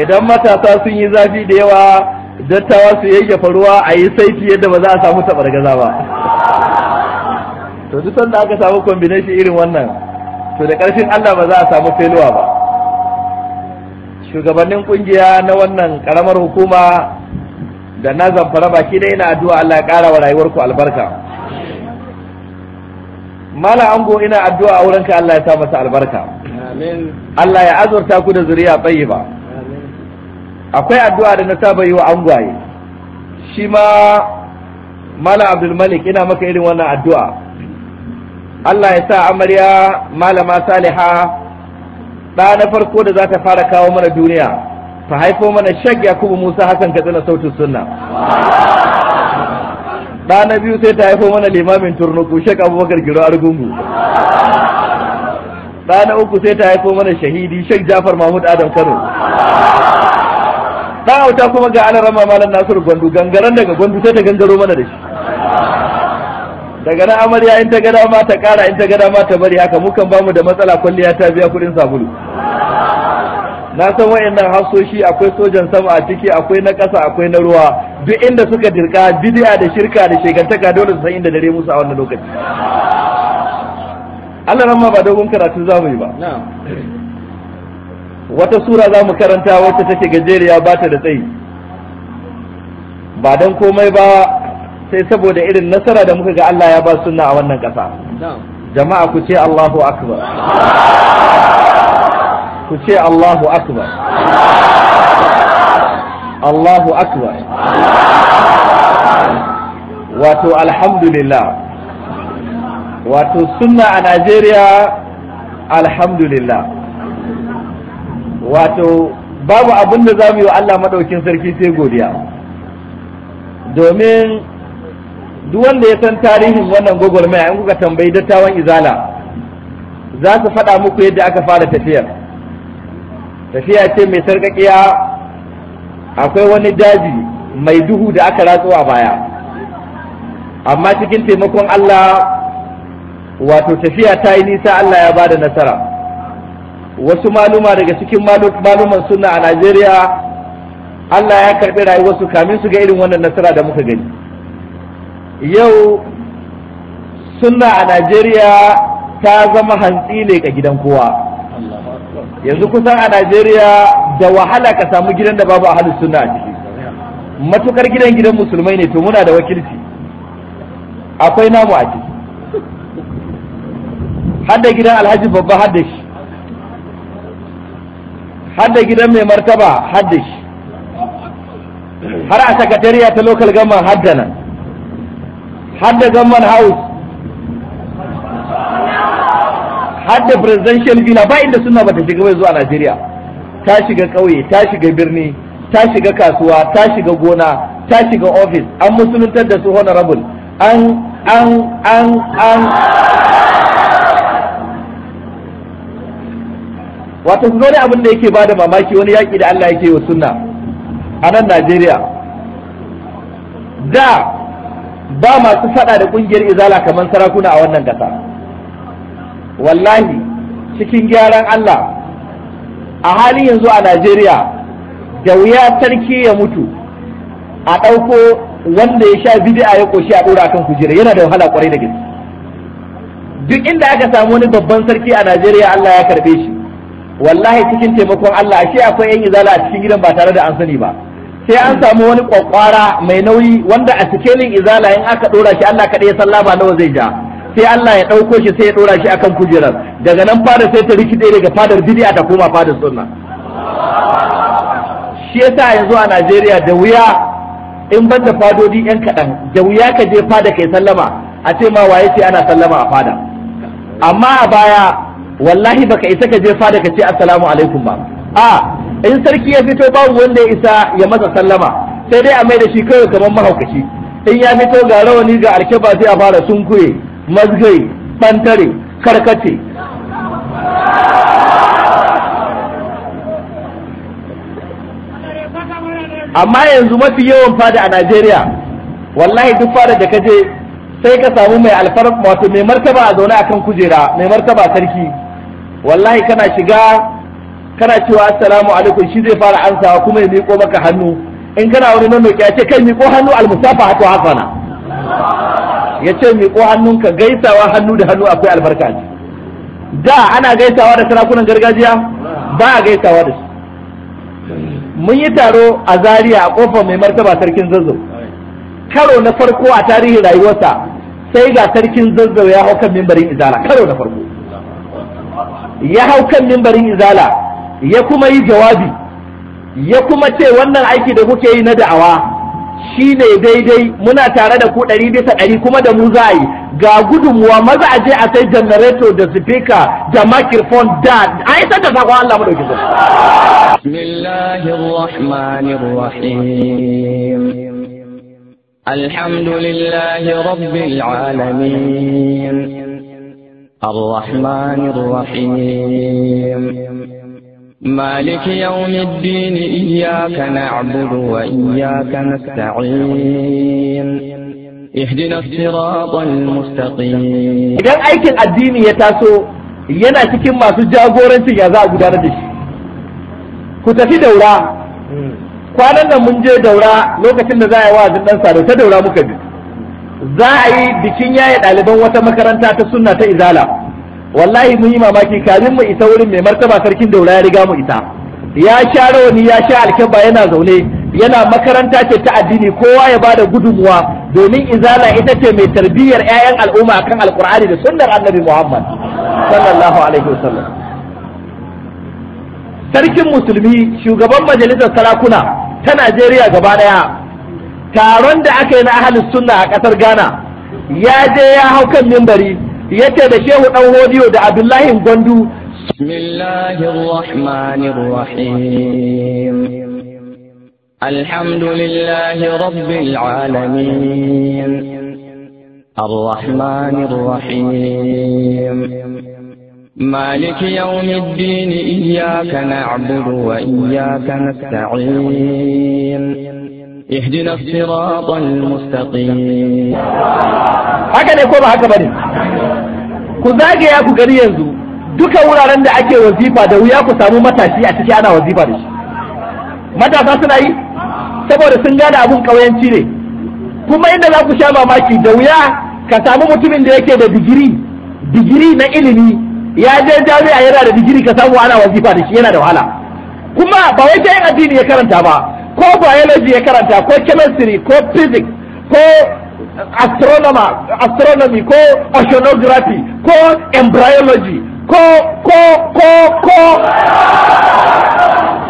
idan matasa sun yi zafi da yawa dattawa su yayyafa ruwa a yi saiti yadda ba za a samu taɓar gaza ba to duk da aka samu combination irin wannan to da ƙarshen Allah ba za a samu feluwa ba shugabannin ƙungiya na wannan ƙaramar hukuma da na zamfara baki da ina addu'a Allah ya ƙara wa rayuwarku albarka mala ango ina addu'a a wurinka Allah ya sa masa albarka Allah ya azurta ku da zuriya ba. akwai addu'a da na saba yi wa angwaye shi ma malam abdulmalik ina maka irin wannan addu'a Allah ya sa amarya malama saliha ɗa na farko da za ta fara kawo mana duniya ta haifo mana shag yakubu musa hassan katsina sautin sunna ɗa na biyu sai ta haifo mana limamin turnuku shek abubakar giro argungu ɗa na uku sai ta haifo mana shahidi shek jafar mahmud adam kano dan auta kuma ga ana rama malam Nasiru Gwandu gangaren daga Gwandu sai ta gangaro mana da shi daga nan amarya in ta gada ma ta kara in ta gada ma ta bari haka mukan bamu da matsala kwalliya ta biya kudin sabulu na san wayannan hafsoshi, akwai sojan sama a ciki akwai na ƙasa akwai na ruwa duk inda suka dirka bid'a da shirka da shegantaka dole su san inda dare musu a wannan lokaci Allah ramma ba dogon karatu zamu yi ba wata sura za mu karanta wacce take gajeriya ba ta da tsayi ba don komai ba sai saboda irin nasara da muka ga Allah ya ba sunna a wannan ƙasa jama'a ku ce Allahu akbar ku ce Allahu akbar Allahu akbar wato alhamdulillah wato sunna a Najeriya alhamdulillah wato babu abin da za mu yi wa Allah maɗaukin sarki sai godiya domin duk wanda ya san tarihin wannan gwagwarmaya in kuka tambayi dattawan izala za su faɗa muku yadda aka fara tafiyar tafiya ce mai sarƙaƙiya akwai wani daji mai duhu da aka ratsu a baya amma cikin taimakon Allah wato tafiya ta yi nisa Allah ya ba da nasara wasu maluma daga cikin maluman suna a Najeriya Allah ya karɓi rayuwarsu kamin su ga irin wannan nasara da muka gani yau suna a Najeriya ta zama hantsi ne ga gidan kowa yanzu kusan a Najeriya da wahala ka samu gidan da babu ahalus suna a ciki matukar gidan gidan musulmai ne to muna da wakilci akwai namu a ciki hadda gidan alhaji babba hadda shi hadda gidan mai martaba hadda shi har a sakatariya ta lokal government hadda nan hadda government house hadda presidential villa ba inda suna bata shiga bai zuwa Najeriya ta shiga ƙauye ta shiga birni ta shiga kasuwa ta shiga gona ta shiga office an musuluntar da su honorable an an an an wato ku wani abin da yake bada mamaki wani yaƙi da Allah yake wa sunna a nan Najeriya da ba masu faɗa da ƙungiyar izala kamar sarakuna a wannan ƙasa wallahi cikin gyaran Allah a halin yanzu a Najeriya da wuya sarki ya mutu a ɗauko wanda ya sha bid'a ya ƙoshi a ɗora kan kujera yana da wahala ƙwarai da gaske duk inda aka samu wani babban sarki a Najeriya Allah ya karɓe shi wallahi cikin taimakon Allah ashe akwai yan izala a cikin gidan ba tare da an sani ba sai an samu wani kwakwara mai nauyi wanda a cikin izala in aka dora shi Allah kada ya san ba nawa zai ja sai Allah ya dauko shi sai ya dora shi akan kujerar daga nan fada sai ta rikide daga fadar bid'a ta koma fadar sunna shi yasa yanzu a Najeriya da wuya in ban da fadodi yan kaɗan da wuya ka je fada kai sallama a ce ma waye ce ana sallama a fada amma a baya wallahi baka isa ka je fada ka ce assalamu alaikum ba a in sarki ya fito babu wanda ya isa ya masa sallama sai dai a mai da shi kawai kamar mahaukaci in ya fito ga rawani ga alkeba sai a fara sunkuye mazgai bantare karkace amma yanzu mafi yawan fada a Najeriya wallahi duk fada da je sai ka samu mai alfarma wato mai martaba a zaune a kan kujera mai martaba sarki wallahi kana shiga kana cewa assalamu alaikum shi zai fara ansawa kuma ya miƙo maka hannu in kana wani nan ya ce kai miƙo hannu almusafa hatu hasana ya ce miƙo ka gaisawa hannu da hannu akwai albarka ce da ana gaisawa da sarakunan gargajiya ba a gaisawa da su mun yi taro a Zariya a kofar mai martaba sarkin zazzau karo na farko a tarihin rayuwarsa sai ga sarkin zazzau ya hau kan mimbarin izara karo na farko ya hau kan mimbarin izala ya kuma yi jawabi ya kuma ce wannan aiki da kuke yi na da'awa shi shine daidai muna tare da ku ɗari bisa ɗari kuma da mu za a yi ga gudunmuwa maza a je a sai janareto da sifika da microphone da a yi sanda sakon Allah madauki zai. Alhamdulillahi rabbil alamin. الرحمن الرحيم مالك يوم الدين إياك نعبد وإياك نستعين اهدنا الصراط المستقيم idan aikin addini ya taso yana cikin masu jagorancin ya za a gudanar da shi ku tafi daura hmm. kwanan nan mun je daura lokacin da za a yi wa'azin dan sado ta daura muka bi za a yi bikin yaye ɗaliban wata makaranta ta sunna ta izala wallahi mun yi mamaki kamin mu isa wurin mai martaba sarkin daura ya riga mu isa ya sha rawani ya sha alkaba yana zaune yana makaranta ce ta addini kowa ya bada gudunmuwa domin izala ita ce mai tarbiyyar 'ya'yan al'umma akan alkur'ani da sunnar annabi muhammad sallallahu alaihi wasallam sarkin musulmi shugaban majalisar sarakuna ta najeriya gaba daya taron da aka yi na ahalin sunna a ƙasar ghana ya je ya hau kan mimbari ya ce da shehu dan hodiyo da abdullahi gwandu الحمد لله رب العالمين الرحمن الرحيم مالك يوم الدين إياك نعبد وإياك نستعين اهدنا الصراط المستقيم haka ne ko ba haka bane ku zagaya ku gari yanzu duka wuraren da ake wazifa da wuya ku samu matashi a ciki ana wazifa da shi matasa suna yi saboda sun gane abun kauyanci ne kuma inda za ku sha mamaki da wuya ka samu mutumin da yake da digiri digiri na ilimi ya je jami'a yana da digiri ka samu ana wazifa da shi yana da wahala kuma ba wai ta yin addini ya karanta ba ko biology ya karanta ko chemistry ko physics ko astronomy ko oceanography ko embryology ko ko ko ko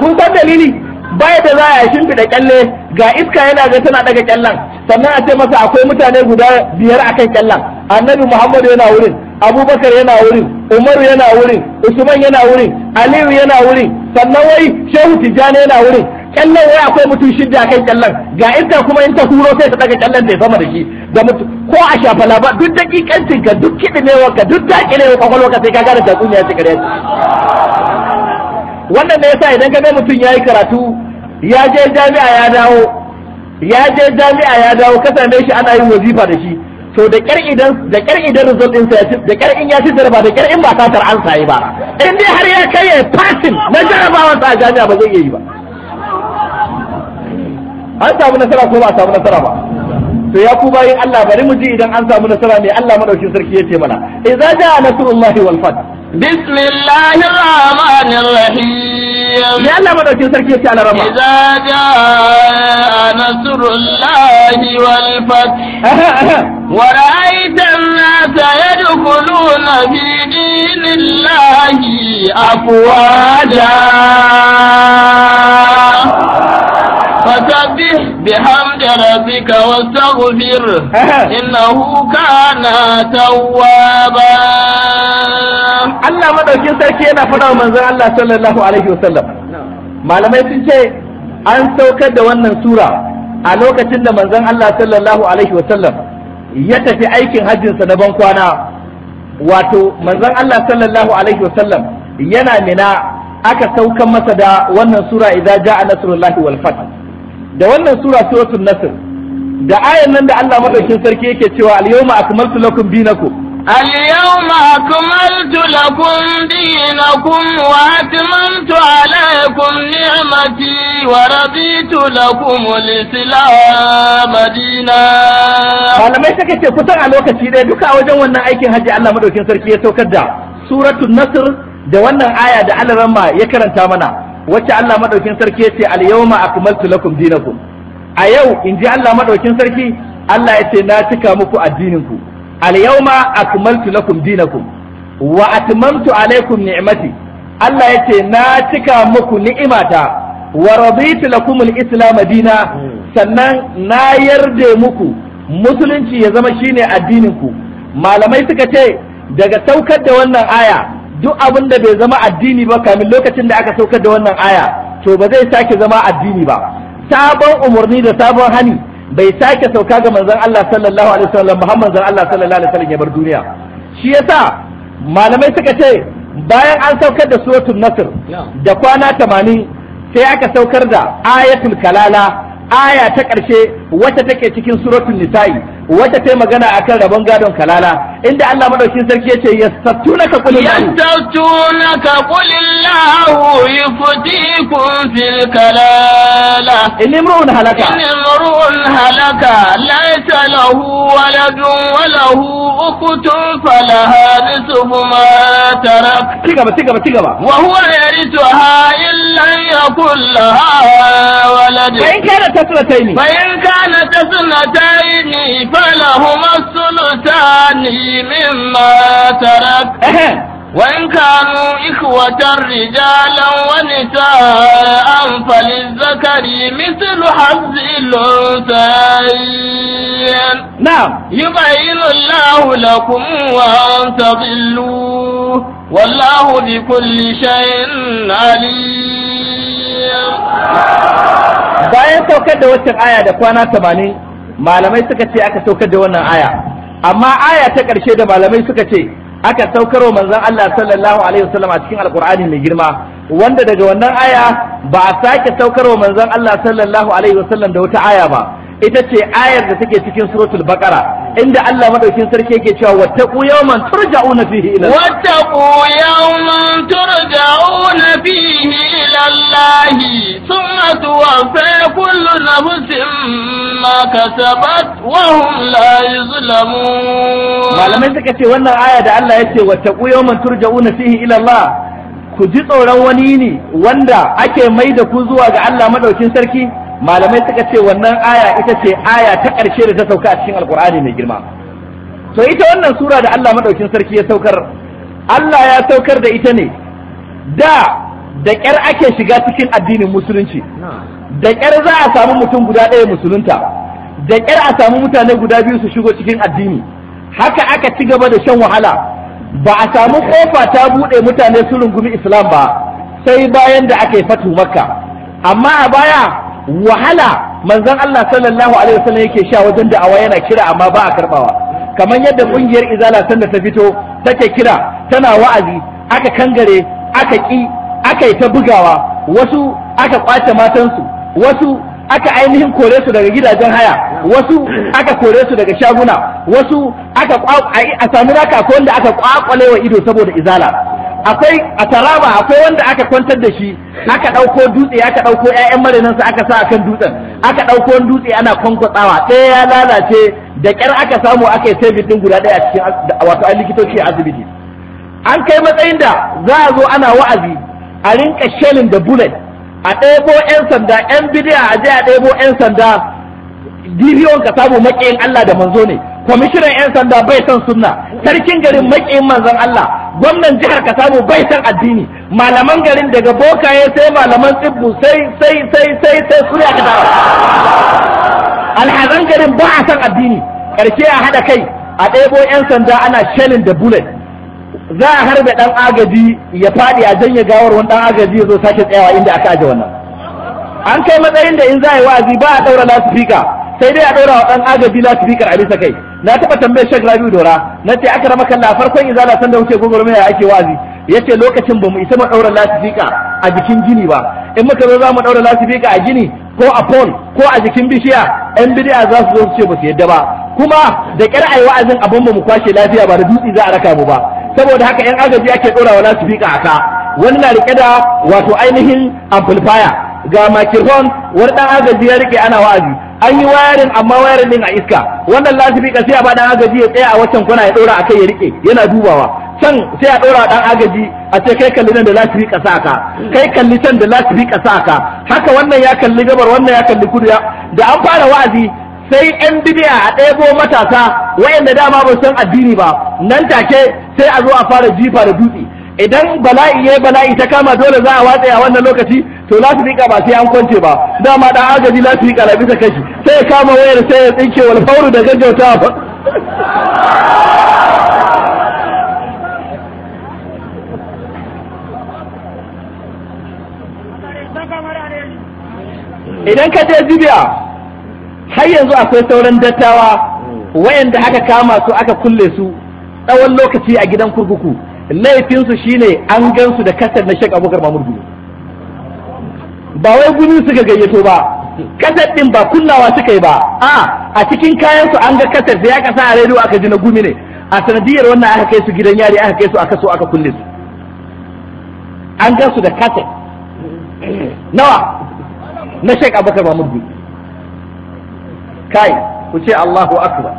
kun san dalili baya da za a shimfiɗa kyalle ga iska yana ga tana daga kyallan sannan a ce masa akwai mutane guda biyar akan kyallan annabi muhammadu yana wurin abubakar yana wurin umaru yana wurin usman yana wurin aliyu yana wurin sannan wai shehu tijjani yana wurin kyallon wai akwai mutum shidda kan kyallon ga iska kuma in ta huro sai ta daga kyallon da sama da shi da mutum ko a shafa laba duk dakikancin ka duk ne wanka duk ne kwakwalwar ka sai ka gane takun ya shiga yadda wannan ne yasa idan ka ga mutum ya yi karatu ya je jami'a ya dawo ya je jami'a ya dawo ka shi ana yin wazifa da shi to da kyar idan da kyar idan result din sa da kyar in ya ci jaraba da kyar in ba tar an sayi ba in dai har ya kai ya na jarabawa sa jami'a ba zai yi ba an samu nasara ko ba a samu nasara ba to ya ku bayin Allah bari mu ji idan an samu nasara ne Allah madaukin sarki yace mana idza jaa nasrullahi wal fath bismillahir rahmanir rahim ya Allah madaukin sarki yace ala rama idza jaa nasrullahi wal fath wa ra'aita an-nasa yadkhuluna fi dinillahi فسبح بحمد ربك واستغفر إنه كان توابا Allah madaukin sarki yana faɗa manzon Allah sallallahu alaihi wasallam malamai sun ce an saukar da wannan sura a lokacin da manzon Allah sallallahu alaihi wasallam ya tafi aikin hajjinsa na ban kwana wato manzon Allah sallallahu alaihi wasallam yana mina aka saukar masa da wannan sura idza jaa nasrullahi wal fath da wannan sura suratul nasr da ayan nan da Allah madaukin sarki yake cewa al-yawma akmaltu lakum dinakum اليوم أكملت لكم دينكم وأتممت عليكم نعمتي ورضيت لكم الإسلام دينا malamai saka ce kusan a lokaci ɗaya duka a wajen wannan aikin haji, Allah madaukin sarki ya saukar da suratul nasr da wannan aya da alarama ya karanta mana wacce Allah madaukin sarki ya ce al-yawma akmaltu lakum dinakum a yau in ji Allah madaukin sarki Allah ya ce na cika muku addinin ku al-yawma akmaltu lakum dinakum wa atmamtu alaykum ni'mati Allah ya ce na cika muku ni'imata wa raditu lakum al-islam dina sannan na yarde muku musulunci ya zama shine addinin ku malamai suka ce daga saukar da wannan aya duk abin da bai zama addini ba kamin lokacin da aka saukar da wannan aya to ba zai sake zama addini ba sabon umarni da sabon hani bai sake sauka ga manzon Allah sallallahu alaihi wasallam Muhammad zan Allah sallallahu alaihi wasallam ya bar duniya shi yasa malamai suka ce bayan an saukar da suratul nasr da kwana 80 sai aka saukar da ayatul kalala aya ta ƙarshe wacce take cikin suratul nisa'i wata ta yi magana a kan rabon gadon kalala inda Allah madaukin sarki yace yastattunaka qul yastattunaka qul Allahu kun fil kalala in imrun halaka in imrun halaka laysa lahu waladun wa lahu ukhtun falaha nisfu ma tarak cigaba cigaba cigaba wa huwa yarithuha illa yakul laha walad fa in kana tasnatayn fa in kana ni. فلهما الثلثان مما ترك وإن كانوا إخوة رجالا ونساء فللذكر مثل حظ الأنثيين نعم يبين الله لكم وأن تضلوا والله بكل شيء عليم bayan saukar da waccan aya da kwana malamai suka ce aka saukar da wannan aya amma aya ta ƙarshe da malamai suka ce aka saukar wa manzon Allah sallallahu alaihi wasallam a cikin alqur'ani mai girma wanda daga wannan aya ba a sake saukar wa manzon Allah sallallahu alaihi wasallam da wata aya ba ita ce ayar da take cikin suratul baqara inda Allah madaukin sarki yake cewa wattaqu yawman turja'una fihi ila wattaqu yawman turja'una fihi ila Allah thumma tuwaffa kullu nafsin ma kasabat wa hum la yuzlamun malamai suka ce wannan aya da Allah yake wattaqu yawman turja'una fihi ila Allah ku ji tsoron wani ne wanda ake mai da ku zuwa ga Allah madaukin sarki malamai suka ce wannan aya ita ce aya ta ƙarshe da ta sauka a cikin alkur'ani mai girma to ita wannan sura da Allah madaukin sarki ya saukar Allah ya saukar da ita ne da da ƙyar ake shiga cikin addinin musulunci da ƙyar za a samu mutum guda ɗaya musulunta da ƙyar a samu mutane guda biyu su shigo cikin addini haka aka ci gaba da shan wahala ba a samu kofa ta buɗe mutane su rungumi islam ba sai bayan da aka yi fatu makka amma a baya wahala manzon Allah sallallahu alaihi wasallam yake sha wajen da'awa yana kira amma ba a karbawa kamar yadda kungiyar izala sanda ta fito take kira tana wa'azi aka kangare aka ki aka yi ta bugawa wasu aka kwace matansu wasu aka ainihin kore su daga gidajen haya wasu aka kore su daga shaguna wasu aka a sami raka ko wanda aka kwakwale wa ido saboda izala akwai a taraba akwai wanda aka kwantar da shi aka ɗauko dutse aka ɗauko 'ya'yan marinansa aka sa kan dutsen aka ɗauko wani dutse ana kwankwatsawa ɗaya ya lalace da ƙyar aka samu aka yi sabit guda ɗaya a cikin wato an likitoci a asibiti an kai matsayin da za a zo ana wa'azi a rinka shelin da bullet a ɗebo 'yan sanda 'yan bidiya a je a ɗebo 'yan sanda dibiyon ka samu maƙiyin Allah da manzo ne kwamishinan 'yan sanda bai san sunna sarkin garin maƙin manzon Allah gwamnan jihar ka samu bai san addini malaman garin daga bokaye sai malaman tsibbu sai sai sai sai sai suriya ka dawo alhazan garin ba a san addini karshe a haɗa kai a ɗebo 'yan sanda ana shelin da bullet za a harbe ɗan agaji ya faɗi a janye gawar wani ɗan agaji ya zo sake tsayawa inda aka aje wannan an kai matsayin da in za a yi wa'azi ba a ɗaura lasifika sai dai a ɗora wa ɗan agabi na tubikar a bisa kai na taɓa tambayar shek rabiu dora na ce aka rama kalla farkon izala san da wuce mai ake wazi ya ce lokacin ba mu isa mu ɗaura lasifika a jikin gini ba in muka zo za mu ɗaura lasifika a gini ko a pon ko a jikin bishiya yan bidiya za su zo su ce ba su yadda ba kuma da ƙyar ayi wa'azin abin ba mu kwashe lafiya ba da dutse za a raka mu ba saboda haka yan agaji ake ɗaura wa lasifika a ka wani na riƙe da wato ainihin amplifier ga makirhon wani ɗan agaji ya riƙe ana wa'azi an yi wayarin amma wayarin din a iska wannan lasifi ka sai a bada agaji ya tsaya a wancan kwana ya ɗora a kai ya rike yana dubawa can sai a ɗora ɗan agaji a ce kai kalli nan da lasibi ka sa ka kai kalli can da lasifi ka sa ka haka wannan ya kalli gabar wannan ya kalli kudu da an fara wa'azi sai yan bidiya a ɗebo matasa wayanda dama ba san addini ba nan take sai a zo a fara jifa da dutse idan bala'i ya bala'i ta kama dole za a watsa a wannan lokaci to riƙa ba sai an kwance ba dama da agaji lafirika na bisa kashi sai ya kama wayar sai ya tsinke wal fauru da gaggautawa ba idan ka je jibiya har yanzu akwai sauran dattawa wayanda haka kama su aka kulle su tsawon lokaci a gidan kurkuku laifinsu shine an gan su da kasar na shek abubakar mamur ba wai gudun suka gayyato ba kasar din ba kunnawa suka yi ba a a cikin kayansu an ga kasar da ya kasa a rediyo aka ji na gumi ne a sanadiyar wannan aka kai su gidan yari aka kai su aka so aka kulle su an gan su da kasar nawa na shek abubakar mamur kai ku ce allahu akbar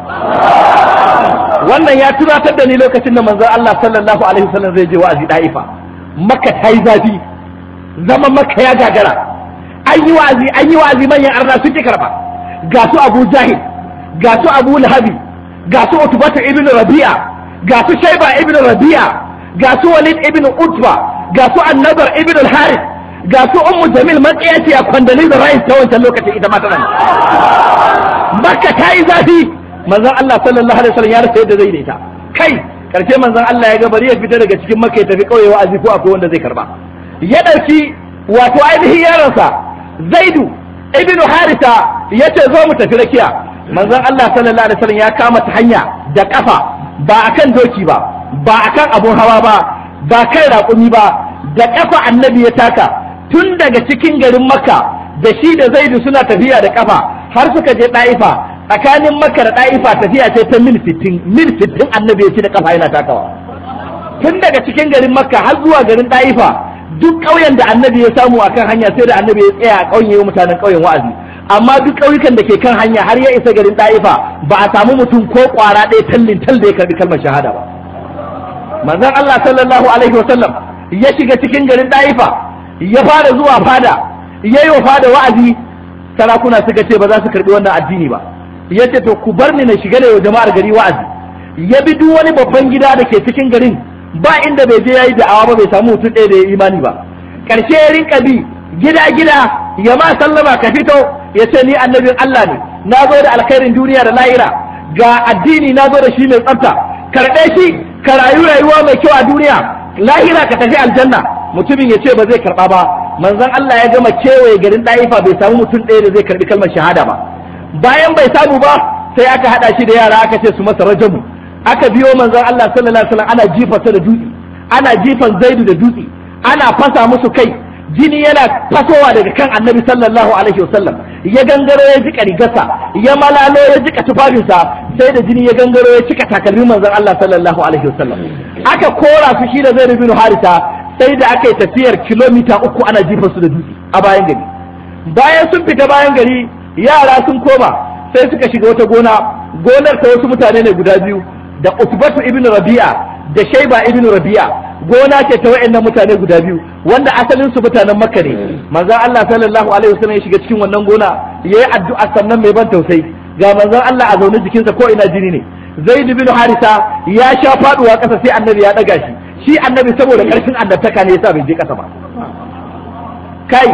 wannan ya tunatar da ni lokacin da manzon Allah sallallahu alaihi wasallam zai je wa'azi da'ifa Makka ta yi zafi zama Makka ya gagara an yi wa'azi an yi wa'azi manyan arna ki karba ga su Abu Jahil ga su Abu Lahabi ga su Utbatu ibn Rabi'a ga su Shayba ibn Rabi'a ga su Walid ibn Utba ga su Annabar ibn Harith ga su Ummu Jamil matsiyaci a kwandali da rais ta wancan lokacin ita ma tana Makka ta yi zafi manzon Allah sallallahu alaihi wasallam ya rasa yadda zai daita kai karshe manzon Allah ya ga bari ya fita daga cikin makka ya tafi kauye wa ko akwai wanda zai karba ya dauki wato ainihin yaransa Zaidu ibnu Harisa yace zo mu tafi rakiya manzon Allah sallallahu alaihi wasallam ya kama ta hanya da kafa ba akan doki ba ba akan abun hawa ba ba kan raƙumi ba da kafa annabi ya taka tun daga cikin garin makka da shi da zaidu suna tafiya da kafa har suka je ɗa'ifa tsakanin maka da ɗa'ifa tafiya ce ta mil fitin mil fitin annabi ya ci da kafa yana takawa tun daga cikin garin makka har zuwa garin ɗa'ifa duk ƙauyen da annabi ya samu a kan hanya sai da annabi ya tsaya a ƙauye yi mutanen ƙauyen wa'azi amma duk ƙauyukan da ke kan hanya har ya isa garin ɗa'ifa ba a samu mutum ko ƙwara ɗaya tallin tal da ya karɓi kalmar shahada ba manzon Allah sallallahu alaihi wasallam ya shiga cikin garin ɗa'ifa ya fara zuwa fada ya yi wa fada wa'azi sarakuna suka ce ba za su karɓi wannan addini ba ya ce to ku bar ni na shiga da jama'ar gari wa'azi ya bi duk wani babban gida da ke cikin garin ba inda bai je yayi da'awa ba bai samu mutum ɗaya da ya imani ba karshe ya rinka bi gida gida ya ma sallama ka fito ya ce ni annabin Allah ne na zo da alkhairin duniya da lahira ga addini na zo da shi mai tsafta karɓe shi ka rayu rayuwa mai kyau a duniya lahira ka tafi aljanna mutumin ya ce ba zai karɓa ba manzon Allah ya gama kewaye garin ɗa'ifa bai samu mutum ɗaya da zai karɓi kalmar shahada ba bayan bai samu ba sai aka hada shi da yara aka ce su masa rajamu aka biyo manzon Allah sallallahu alaihi wasallam ana jifarsa da dutse ana jifan zaidu da dutse ana fasa musu kai jini yana fasowa daga kan annabi sallallahu alaihi wasallam ya gangaro ya jika rigarsa ya malalo ya jika tufafinsa sai da jini ya gangaro ya cika takalmin manzon Allah sallallahu alaihi wasallam aka kora su shi da zaidu bin harisa sai da aka yi tafiyar kilomita uku ana jifan su da dutse a bayan gari bayan sun fita bayan gari yara sun koma sai suka shiga wata gona gonar ta wasu mutane ne guda biyu da utbatu ibn rabi'a da shaiba ibn rabi'a gona ce ta wa'annan mutane guda biyu wanda asalin su mutanen makka ne manzo Allah sallallahu alaihi wasallam ya shiga cikin wannan gona yayi addu'a sannan mai ban tausayi ga manzon Allah a zaune jikinsa ko ina jini ne zaid ibn harisa ya sha faduwa kasa sai annabi ya daga shi shi annabi saboda karshen annabtaka ne yasa bai je kasa ba kai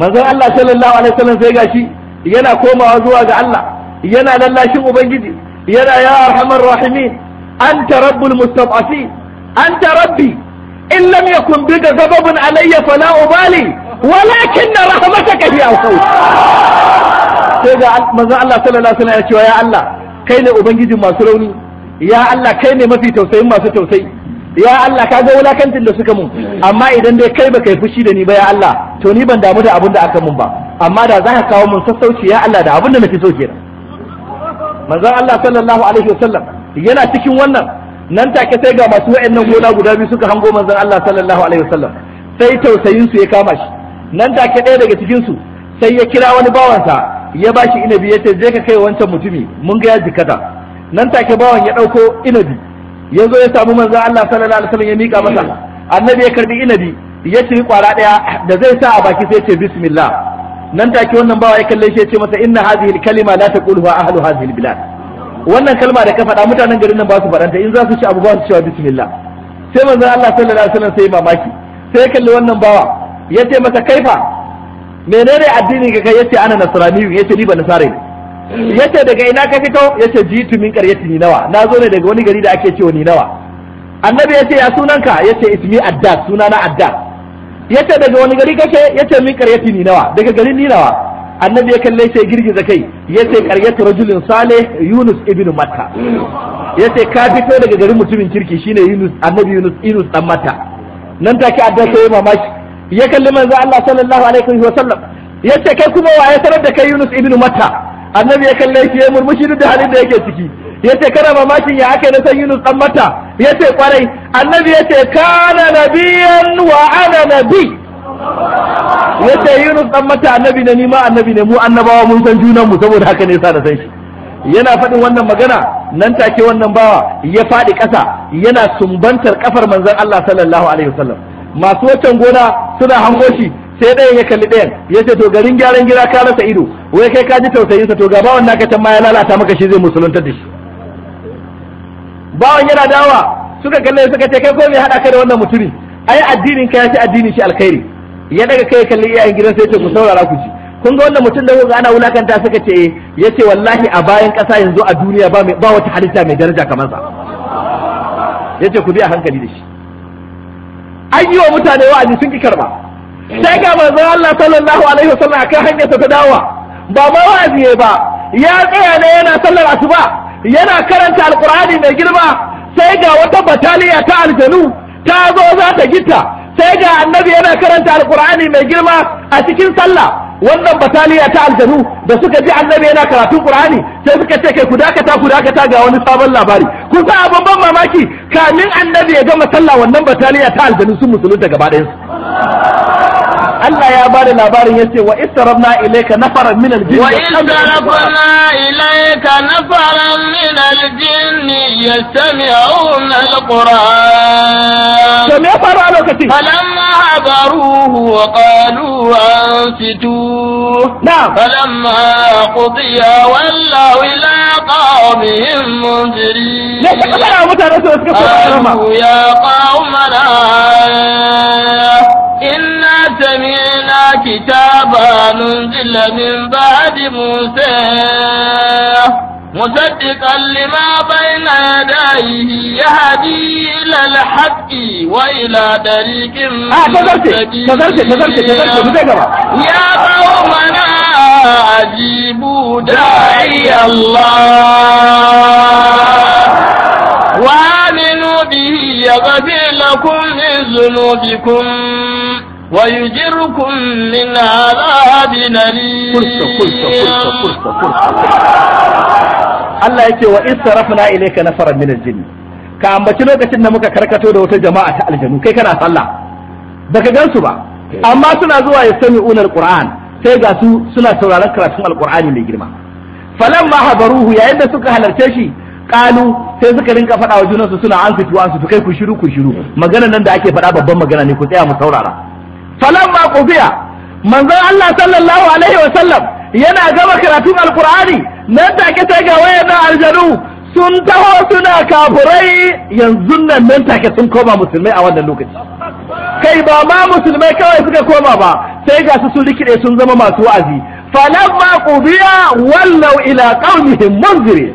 manzo Allah sallallahu alaihi wasallam sai gashi yana komawa zuwa ga Allah yana lallashin ubangiji yana ya arhamar rahimin anta rabbul mustad'afin anta rabbi in lam yakun bi sababun alayya fala ubali walakin rahmataka hi alqaw sai ga manzo Allah sallallahu alaihi wasallam ya ya Allah kai ne ubangijin masu rauni ya Allah kai ne mafi tausayin masu tausayi ya Allah ka ga wulakantin da suka mun amma idan dai kai baka yi fushi da ni ba ya Allah to ni ban damu da abin da aka mun ba amma da za ka kawo mun sassauci ya Allah da abin da nake so kenan manzon Allah sallallahu alaihi wasallam yana cikin wannan nan take sai ga masu wayannan gona guda biyu suka hango manzon Allah sallallahu alaihi wasallam sai tausayin su ya kama shi nan take ɗaya daga cikin su sai ya kira wani bawansa ya bashi inabi ya ce je ka kai wancan mutumi mun ga ya jikata nan take bawan ya ɗauko inabi yanzu ya samu manzon Allah sallallahu alaihi wasallam ya mika masa annabi ya karbi inabi ya ci kwara daya da zai sa a baki sai ya ce bismillah nan take wannan bawa ya kalle shi ya ce masa inna hadhihi kalima la taquluha ahlu hadhihi albilad wannan kalma da ka faɗa mutanen garin nan ba su faranta in za su ci abu ba su ce bismillah sai manzon Allah sallallahu alaihi wasallam sai mamaki sai ya kalli wannan bawa ya ce masa kaifa menene addini ka kai yace ana nasrani yace ni ba nasare ne yace daga ina ka fito yace jitu min ni ninawa na zo ne daga wani gari da ake cewa ninawa annabi yace ya sunanka yace ismi adda sunana addas yace daga wani gari kake yace min ni ninawa daga garin ninawa annabi ya kalle sai girgiza kai yace qaryatu rajulin salih yunus ibn matta yace ka fito daga garin mutumin kirki shine yunus annabi yunus yunus dan matta nan take addas sai mamaki ya kalli manzo Allah sallallahu alaihi wa sallam yace kai kuma wa ya sanar da kai yunus ibn matta annabi ya kalle shi ya murmushi duk da halin da yake ciki Ya yace kana mamakin ya aka na san Yunus dan mata ce kwarai annabi ya ce kana nabiyan wa ana nabi ce Yunus dan mata annabi ne ni ma annabi ne mu annabawa mun san junan mu saboda haka ne sa da san shi yana faɗin wannan magana nan take wannan bawa ya faɗi ƙasa yana sumbantar kafar manzon Allah sallallahu alaihi wasallam masu wancan gona suna hango shi sai ɗayan ya kalli ɗayan ya ce to garin gyaran gida ka rasa ido wai kai ka ji tausayinsa to ga bawan naka can ma ya lalata maka shi zai musulunta da shi bawan yana dawa suka kalle suka ce kai ko me haɗa ka da wannan mutumi ai addinin ka ya ce addinin shi alkhairi ya daga kai kalli iyayen gidan sai ce ku saurara ku ji kun ga wannan mutum da kuka ana wulakanta suka ce eh, ya ce wallahi a bayan ƙasa yanzu a duniya ba wata halitta mai daraja kamar sa ya ce ku bi a hankali da shi an yi wa mutane wa'azi sun ki karba sai ga manzon Allah sallallahu alaihi wasallam akan hanyar ta dawa ba ma wa'azi ba ya tsaya ne yana sallar asuba yana karanta alqur'ani mai girma sai ga wata bataliya ta aljanu ta zo za ta gita sai ga annabi yana karanta alqur'ani mai girma a cikin sallah wannan bataliya ta aljanu da suka ji annabi yana karatun qur'ani sai suka ce kai ku dakata ku dakata ga wani sabon labari kun abin ban mamaki kamin annabi ya gama sallah wannan bataliya ta aljanu sun musulunta gaba ɗayansu Allah ya bada labarin ya ce wa istarabna ilayka nafaran min al-jinn wa istarabna ilayka nafaran min al-jinn yastami'una al-Qur'an to me faru a lokacin falamma hadaruhu wa qalu ansitu na'am falamma qudiya wallahu ila qawmihim munzirin ne ka kana mutane su suka fara ya qawmana كتابا أنزل من بعد موسى مصدقا لما بين يديه يهدي إلى الحق وإلى طريق آه، مستقيم يا قومنا أجيبوا داعي الله وآمنوا به يغفر لكم من ذنوبكم ويجركم من عذاب أليم Allah yake wa israfna ilayka ka na al-jinn ka ambaci lokacin da muka karkato da wata jama'a ta aljanu kai kana sallah baka gansu ba amma suna zuwa ya sami unar qur'an sai ga su suna sauraron karatun alqur'ani mai girma falamma habaruhu yayin da suka halarce shi ƙalu sai suka rinka faɗawa wa junansu suna an su an su kai shiru ku shiru maganar nan da ake faɗa babban magana ne ku tsaya mu saurara falamma qudiya manzon Allah sallallahu alaihi sallam yana gama karatun alqur'ani nan ke sai ga wayannan aljanu sun taho suna kafurai yanzu nan nan take sun koma musulmai a wannan lokaci kai ba ma musulmai kawai suka koma ba sai ga su sun rikide sun zama masu wa'azi Falan qudiya wallau ila qaumihim munziri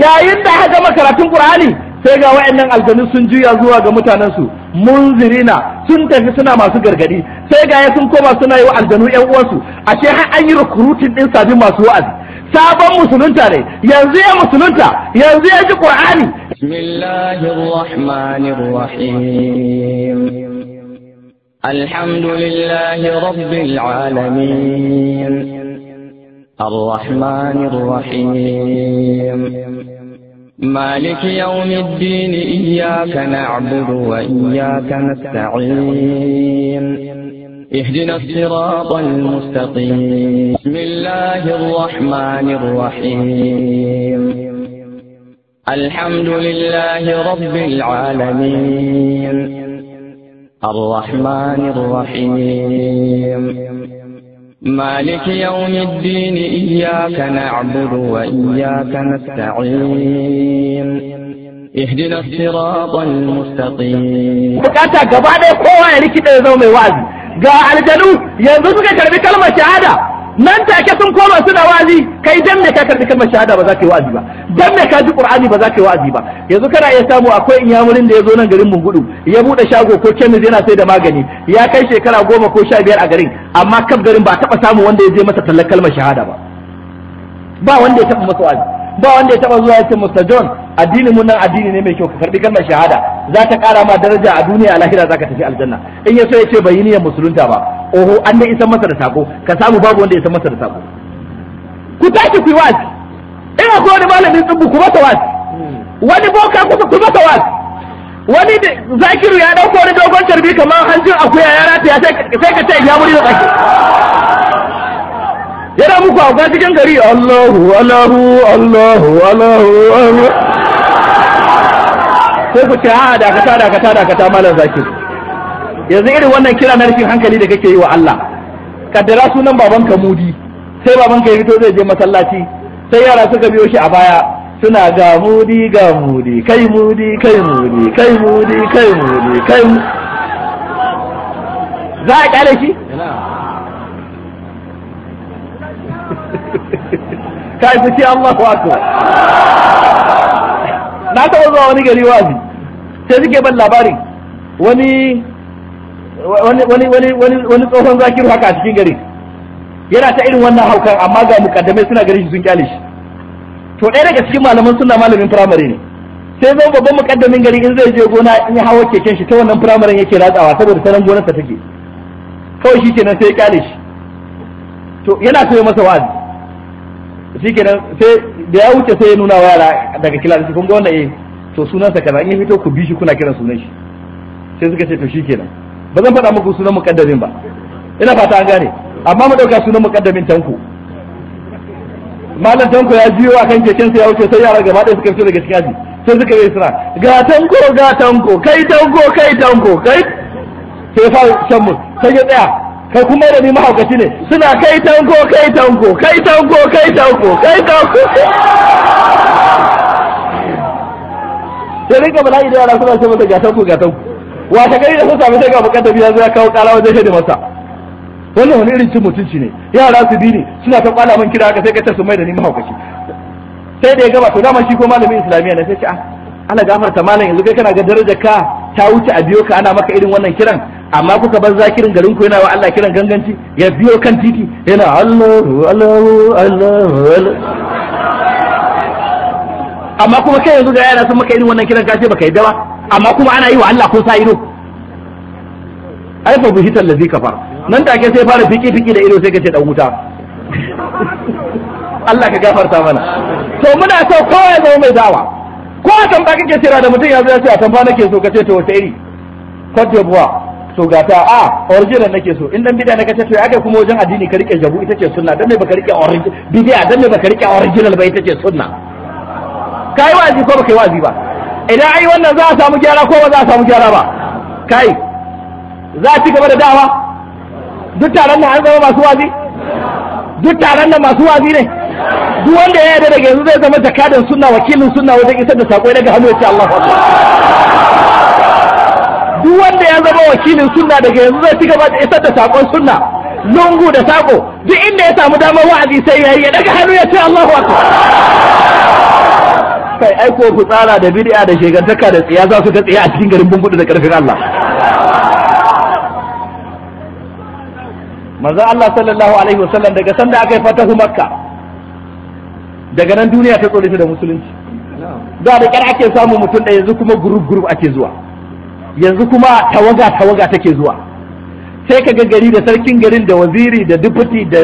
yayin da aka gama karatun qur'ani sai ga waɗannan aljanu sun juya zuwa ga mutanensu munzirina sun tafi suna masu gargadi sai ga ya sun koma suna yi wa aljanu yan uwansu ashe har an yi recruiting ɗin sabin masu wa'azi sabon musulunta ne yanzu ya musulunta yanzu ya ji qur'ani bismillahir rahmanir rahim الحمد لله رب العالمين الرحمن الرحيم مالك يوم الدين إياك نعبد وإياك نستعين اهدنا الصراط المستقيم بسم الله الرحمن الرحيم الحمد لله رب العالمين الرحمن الرحيم مالك يوم الدين إياك نعبد وإياك نستعين اهدنا الصراط المستقيم بكاتا قبعدة قوة يا ليكي تزومي وازي قا جنوب ينزل بك كلمة شهادة nan take sun koma suna wazi kai dan me ka karbi kalmar shahada ba za ka yi wazi ba dan me ka ji qur'ani ba za ka yi wazi ba yanzu kana iya samu akwai inyamurin da ya zo nan garin Mungudu ya bude shago ko kemis yana sai da magani ya kai shekara goma ko sha biyar a garin amma kaf garin ba taba samu wanda ya je masa tallar kalmar shahada ba ba wanda ya taba masa wazi ba wanda ya taba zuwa ya ce Mr. John Addini mun nan addini ne mai kyau ka karbi kalmar shahada za ta kara ma daraja a duniya a lahira za ka tafi aljanna in ya so ya ce bai yi musulunta ba oho an dai isan masa da sako ka samu babu wanda isan masa da sako ku tashi ku wasi ina in akwai wani malamin tsubu ku masa wasi wani boka kusa ku masa wasi wani zakiru ya dauko wani dogon tarbi kamar hanjin akuya ya ya sai ka ce ya muri da tsaki yana muku abuwa cikin gari Allahu Allahu Allahu Allahu Allahu sai ku ce ta, dakata dakata dakata malam zakiru yanzu irin wannan kira na rashin hankali da kake yi wa Allah kaddara sunan babanka mudi sai babanka ya fito zai je masallaci sai yara suka biyo shi a baya suna ga mudi ga mudi kai mudi kai mudi kai mudi kai mudi kai za a kyale shi kai su ce Allahu akbar na taɓa zuwa wani gari wazi sai suke ban labarin wani wani tsohon zakiru haka a cikin gari yana ta irin wannan haukan amma ga mukaddamai suna gari shi sun kyale shi to ɗaya daga cikin malaman suna malamin firamare ne sai zo babban mukaddamin gari in zai je gona in ya hawa keken shi ta wannan firamaren yake ratsawa saboda sanan gonarsa take kawai shi kenan sai ya kyale shi to yana so ya masa wa'azi shi kenan sai da ya wuce sai ya nuna wa yara daga kila kun ga wannan eh to sunansa kaza in ya fito ku bi shi kuna kiran sunan shi sai suka ce to shi kenan ba zan faɗa muku sunan mukaddamin ba ina fata an gane amma mu ɗauka sunan mukaddamin tanko malam tanko ya biyo a kan sai ya wuce sai yara gaba ɗaya suka fito daga cikin sai suka yi sura ga tanko ga tanko kai tanko kai tanko kai sai ya fara can mu sai ya tsaya kai kuma da ni mahaukaci ne suna kai tanko kai tanko kai tanko kai tanko kai tanko sai rinka bala'i da yara suna ce masa ga tanko ga tanko wa ta gari da sun sami sai ga mukaddami tafiya zai ya kawo kara wajen shaida masa wannan wani irin cin mutunci ne yara su bi ne suna ta kwala min kira haka sai ka su mai da ni mahaukaci sai da ya gaba to dama shi ko malamin islamiyya ne sai ce ana ah, ta malam yanzu kai kana ga darajar ka ta wuce a biyo ka ana maka irin wannan kiran amma kuka bar zakirin garin ku yana wa Allah kiran ganganci ya biyo kan titi yana Allahu Allahu Allahu amma kuma kai yanzu ga yana sun maka irin wannan kiran ka ce baka yi dawa amma kuma ana yi wa Allah ko sa ido ai fa buhital ladhi kafar nan take sai fara fiki fiki da ido sai ka ce dan wuta Allah ka gafarta mana to muna so kowa ya zama mai dawa ko a tamba kake tsira da mutum ya zo ya ce a tamba nake so ka ce to wace iri Cote d'Ivoire to ga ta a ah, original nake so in dan bid'a nake ce to kai kuma wajen addini ka rike jabu ita ce sunna dan me baka rike original bidiya dan me baka rike original ba ita ce sunna kai wazi ko baka yi wazi ba idan ai wannan za a samu gyara ko ba za a samu gyara ba kai za a ci gaba da dawa duk taron nan an zama masu wazi duk taron nan masu wazi ne duk wanda ya yarda daga yanzu zai zama jakadan sunna wakilin sunna wajen isar da sako daga hannu ya ce Allahu akbar duk wanda ya zama wakilin sunna daga yanzu zai ci gaba da isar da sakon sunna lungu da sako duk inda ya samu damar wa'azi sai ya yi ya daga hannu ya ce Allahu akbar kai aiko fitsara da bid'a da shegantaka da tsiya za su ta tsiya a cikin garin bungudu da karfin Allah manzo Allah sallallahu alaihi wasallam daga sanda aka yi fatahu makka daga nan duniya ta tsore da musulunci da da kyar ake samu mutum da yanzu kuma group group ake zuwa yanzu kuma tawaga tawaga take zuwa sai ka ga gari da sarkin garin da waziri da dubuti da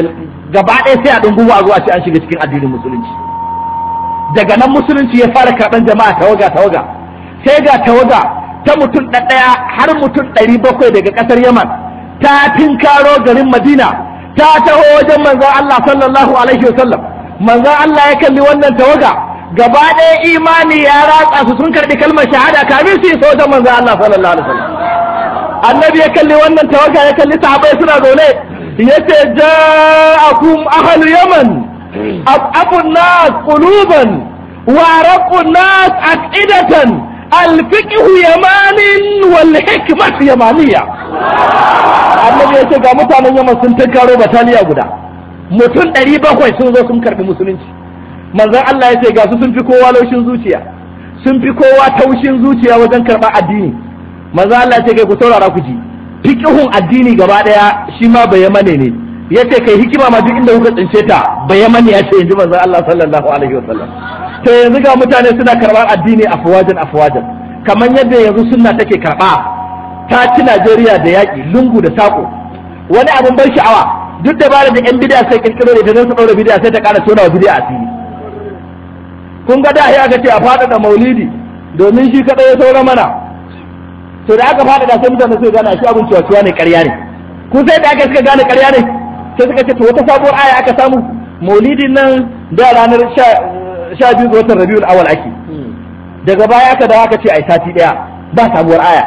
gaba ɗaya sai a dungumo a zuwa ce an shiga cikin addinin musulunci daga nan musulunci ya fara karɓar jama'a tawaga tawaga sai ga tawaga ta mutum ɗaya har mutum ɗari bakwai daga ƙasar yaman ta tinkaro garin madina ta taho wajen manzon allah sallallahu alaihi wasallam manzon allah ya kalli wannan tawaga gaba ɗaya imani ya ratsa su sun karɓi kalmar shahada kamin su yi wajen manzon allah sallallahu alaihi wasallam annabi ya kalli wannan tawaga ya kalli sahabai suna zaune ya ce ja'akum ahlu yaman أبعب الناس قلوبا وأرق الناس أفئدة الفقه يمان والحكمة يمانية annabi ya ce ga mutanen yamma sun tankaro bataliya guda mutum ɗari bakwai sun zo sun karɓi musulunci manzon Allah ya ce ga su sun fi kowa laushin zuciya sun fi kowa taushin zuciya wajen karɓar addini manzon Allah ya ce kai ku saurara ku ji fiqhun addini gaba ɗaya shi ma bai yamane ne ya ce kai hikima ma duk inda kuka tsince ta ba ya ce yanzu manzon Allah sallallahu alaihi wasallam to yanzu ga mutane suna karɓar addini afwajan afwajan kamar yadda yanzu sunna take karɓa ta ci Najeriya da yaƙi lungu da sako wani abin bar sha'awa duk da bare da yan bid'a sai kirkiro da idan su daura bid'a sai ta ƙara tona wa a asiri kun ga da ya ga ce a faɗaɗa maulidi domin shi kada ya saura mana to da aka da sai mutane sai gane shi abin ciwa ne ƙarya ne kun sai da aka suka gane ƙarya ne sai suka ce to wata sabuwar aya aka samu maulidin nan da ranar sha biyu ga watan rabiul awal ake daga baya aka dawo aka ce ai sati daya ba sabuwar aya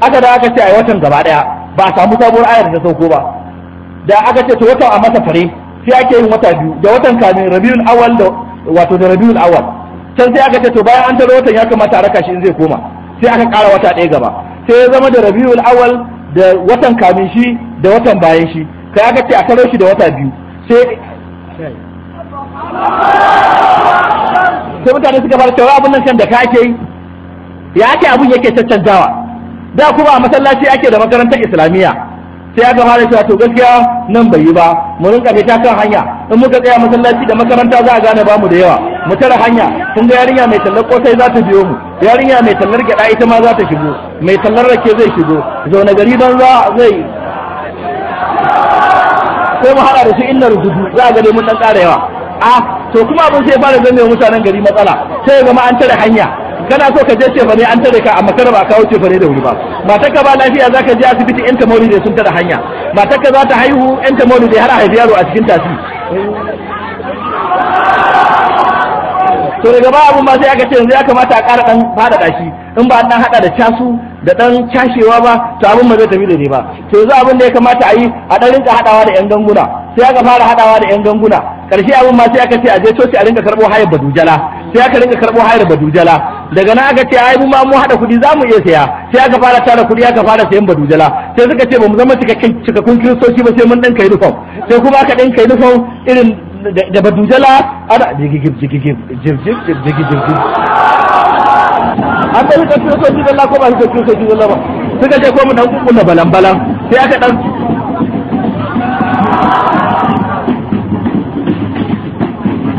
aka dawo aka ce ai watan gaba daya ba samu sabuwar aya da ta sauko ba da aka ce to watan a masa fare sai ake yin wata biyu da watan kamin rabiul awal da wato da rabiul awal can sai aka ce to bayan an tare watan ya kamata a raka shi in zai koma sai aka ƙara wata ɗaya gaba sai ya zama da rabiul awal da watan kamin shi da watan bayan shi ka ce a karo shi da wata biyu sai sai mutane suka fara cewa abin nan kan da kake yi ya ake abin yake caccanjawa da kuma a masallaci ake da makarantar islamiyya sai aka fara cewa to gaskiya nan bai yi ba mu rinka fita kan hanya in muka tsaya masallaci da makaranta za a gane ba mu da yawa mu tara hanya kun ga yarinya mai tallar kosai za ta biyo mu yarinya mai tallar gyaɗa ita ma za ta shigo mai tallar rake zai shigo zaune gari banza zai sai mu haɗa da shi inna rubutu za a ga mun dan ƙara yawa a to kuma abin sai fara zame mutanen gari matsala sai zama an tare hanya kana so ka je ce ne an tare ka amma kada ba kawo cefa ne da wuri ba mata ka ba lafiya za je asibiti ta tamori da sun tare hanya mata ka za ta haihu ta tamori da har a haifi yaro a cikin tasi to daga ba abun ba sai aka ce yanzu ya kamata a ƙara dan faɗaɗa shi in ba an dan haɗa da casu da dan cashewa ba to abin ba zai tafi daidai ba to yanzu abin da ya kamata a yi a dan rinka hadawa da yan ganguna sai aka fara hadawa da yan ganguna karshe abin ma sai aka ce a je coci a rinka karbo hayar badujala sai aka rinka karbo hayar badujala daga nan aka ce ai ma mu hada kudi za mu iya saya sai aka fara tara kudi aka fara sayan badujala sai suka ce ba mu zama cikakken cikakkun kiristoci ba sai mun dan kai uniform sai kuma aka dan kai uniform irin da badujala ana jigigib jigigib jigigib jigigib an bai ka ciwo soji dalla ko ba ka ciwo soji dalla ba suka ce ko dan kukkuna balan balan sai aka dan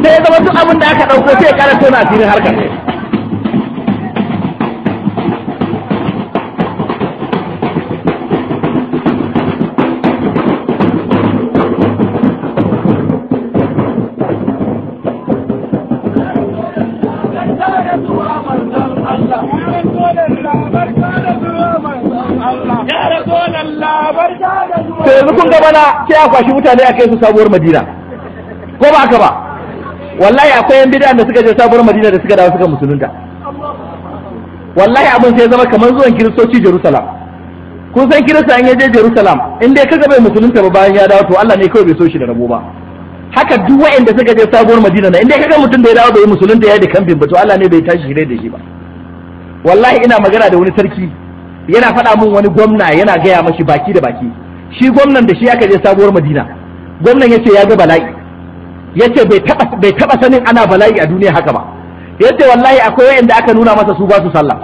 sai zama duk abin da aka dauko sai ya kara tona cikin harkar sai a kwashi mutane a kai su sabuwar madina ko ba haka ba wallahi akwai yan bid'a da suka je sabuwar madina da suka dawo suka musulunta wallahi abin sai zama kamar zuwan kiristoci jerusalem kun san kirista an je jerusalem in dai kaga bai musulunta ba bayan ya dawo to Allah ne kawai bai so shi da rabo ba haka duk wa'anda suka je sabuwar madina na in dai kaga mutum da ya dawo bai musulunta ya da kambin ba to Allah ne bai tashi shirye da shi ba wallahi ina magana da wani sarki yana faɗa min wani gwamna yana gaya mashi baki da baki shi gwamnan da shi aka je sabuwar madina gwamnan ya ce ya ga bala'i ya ce bai taba sanin ana bala'i a duniya haka ba ce wallahi akwai da aka nuna masa su ba su sallah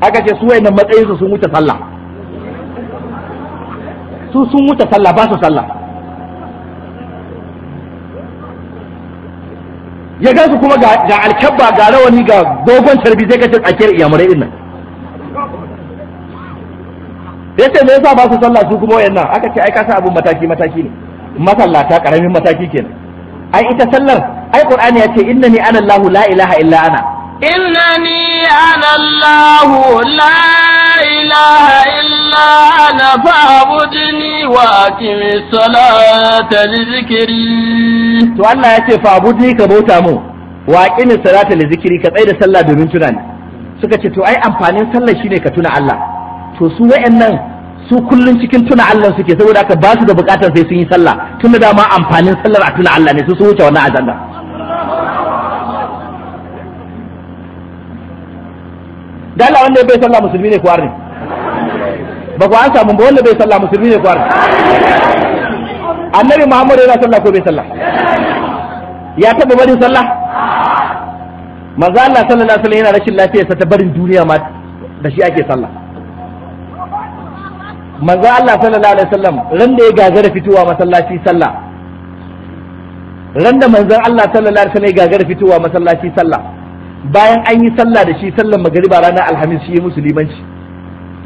aka ce su wayannan matsayinsu sun wuce sallah su sun wuce sallah ba su sallah ya gansu kuma ga alkabba ga rawani ga dogon tarbi zai kace tsakiyar iyamurai din nan da me yasa ba su sallah su kuma wayannan aka ce ai ka sa abun mataki mataki ne masallata karamin mataki kenan ai ita sallar ai qur'ani ya ce innani ana allah la ilaha illa ana innani ana allah la ilaha illa ana fa'budni wa aqimis salata li zikri to Allah ya ce fa'budni ka bauta mu wa aqimis salata li zikri ka tsaya da sallah domin tunani suka ce to ai amfanin sallar shine ka tuna Allah to su wa'annan su kullun cikin tuna Allah suke saboda haka ba su da bukatar sai sun yi sallah tun da dama amfanin sallar a tuna Allah ne su sun wuce wannan ajanda da Allah wanda bai sallah musulmi ne kwar ba ku an samu ba wanda bai sallah musulmi ne kwar annabi Muhammad yana sallah ko bai sallah ya taba barin sallah manzo Allah sallallahu alaihi wasallam yana rashin lafiyarsa ta barin duniya ma da shi ake sallah manzo Allah sallallahu alaihi wasallam ran da ya gagara fitowa masallaci sallah ran da manzon Allah sallallahu alaihi wasallam ya gagara fitowa masallaci sallah bayan an yi sallah da shi sallar magariba ranar alhamis shi musulmanci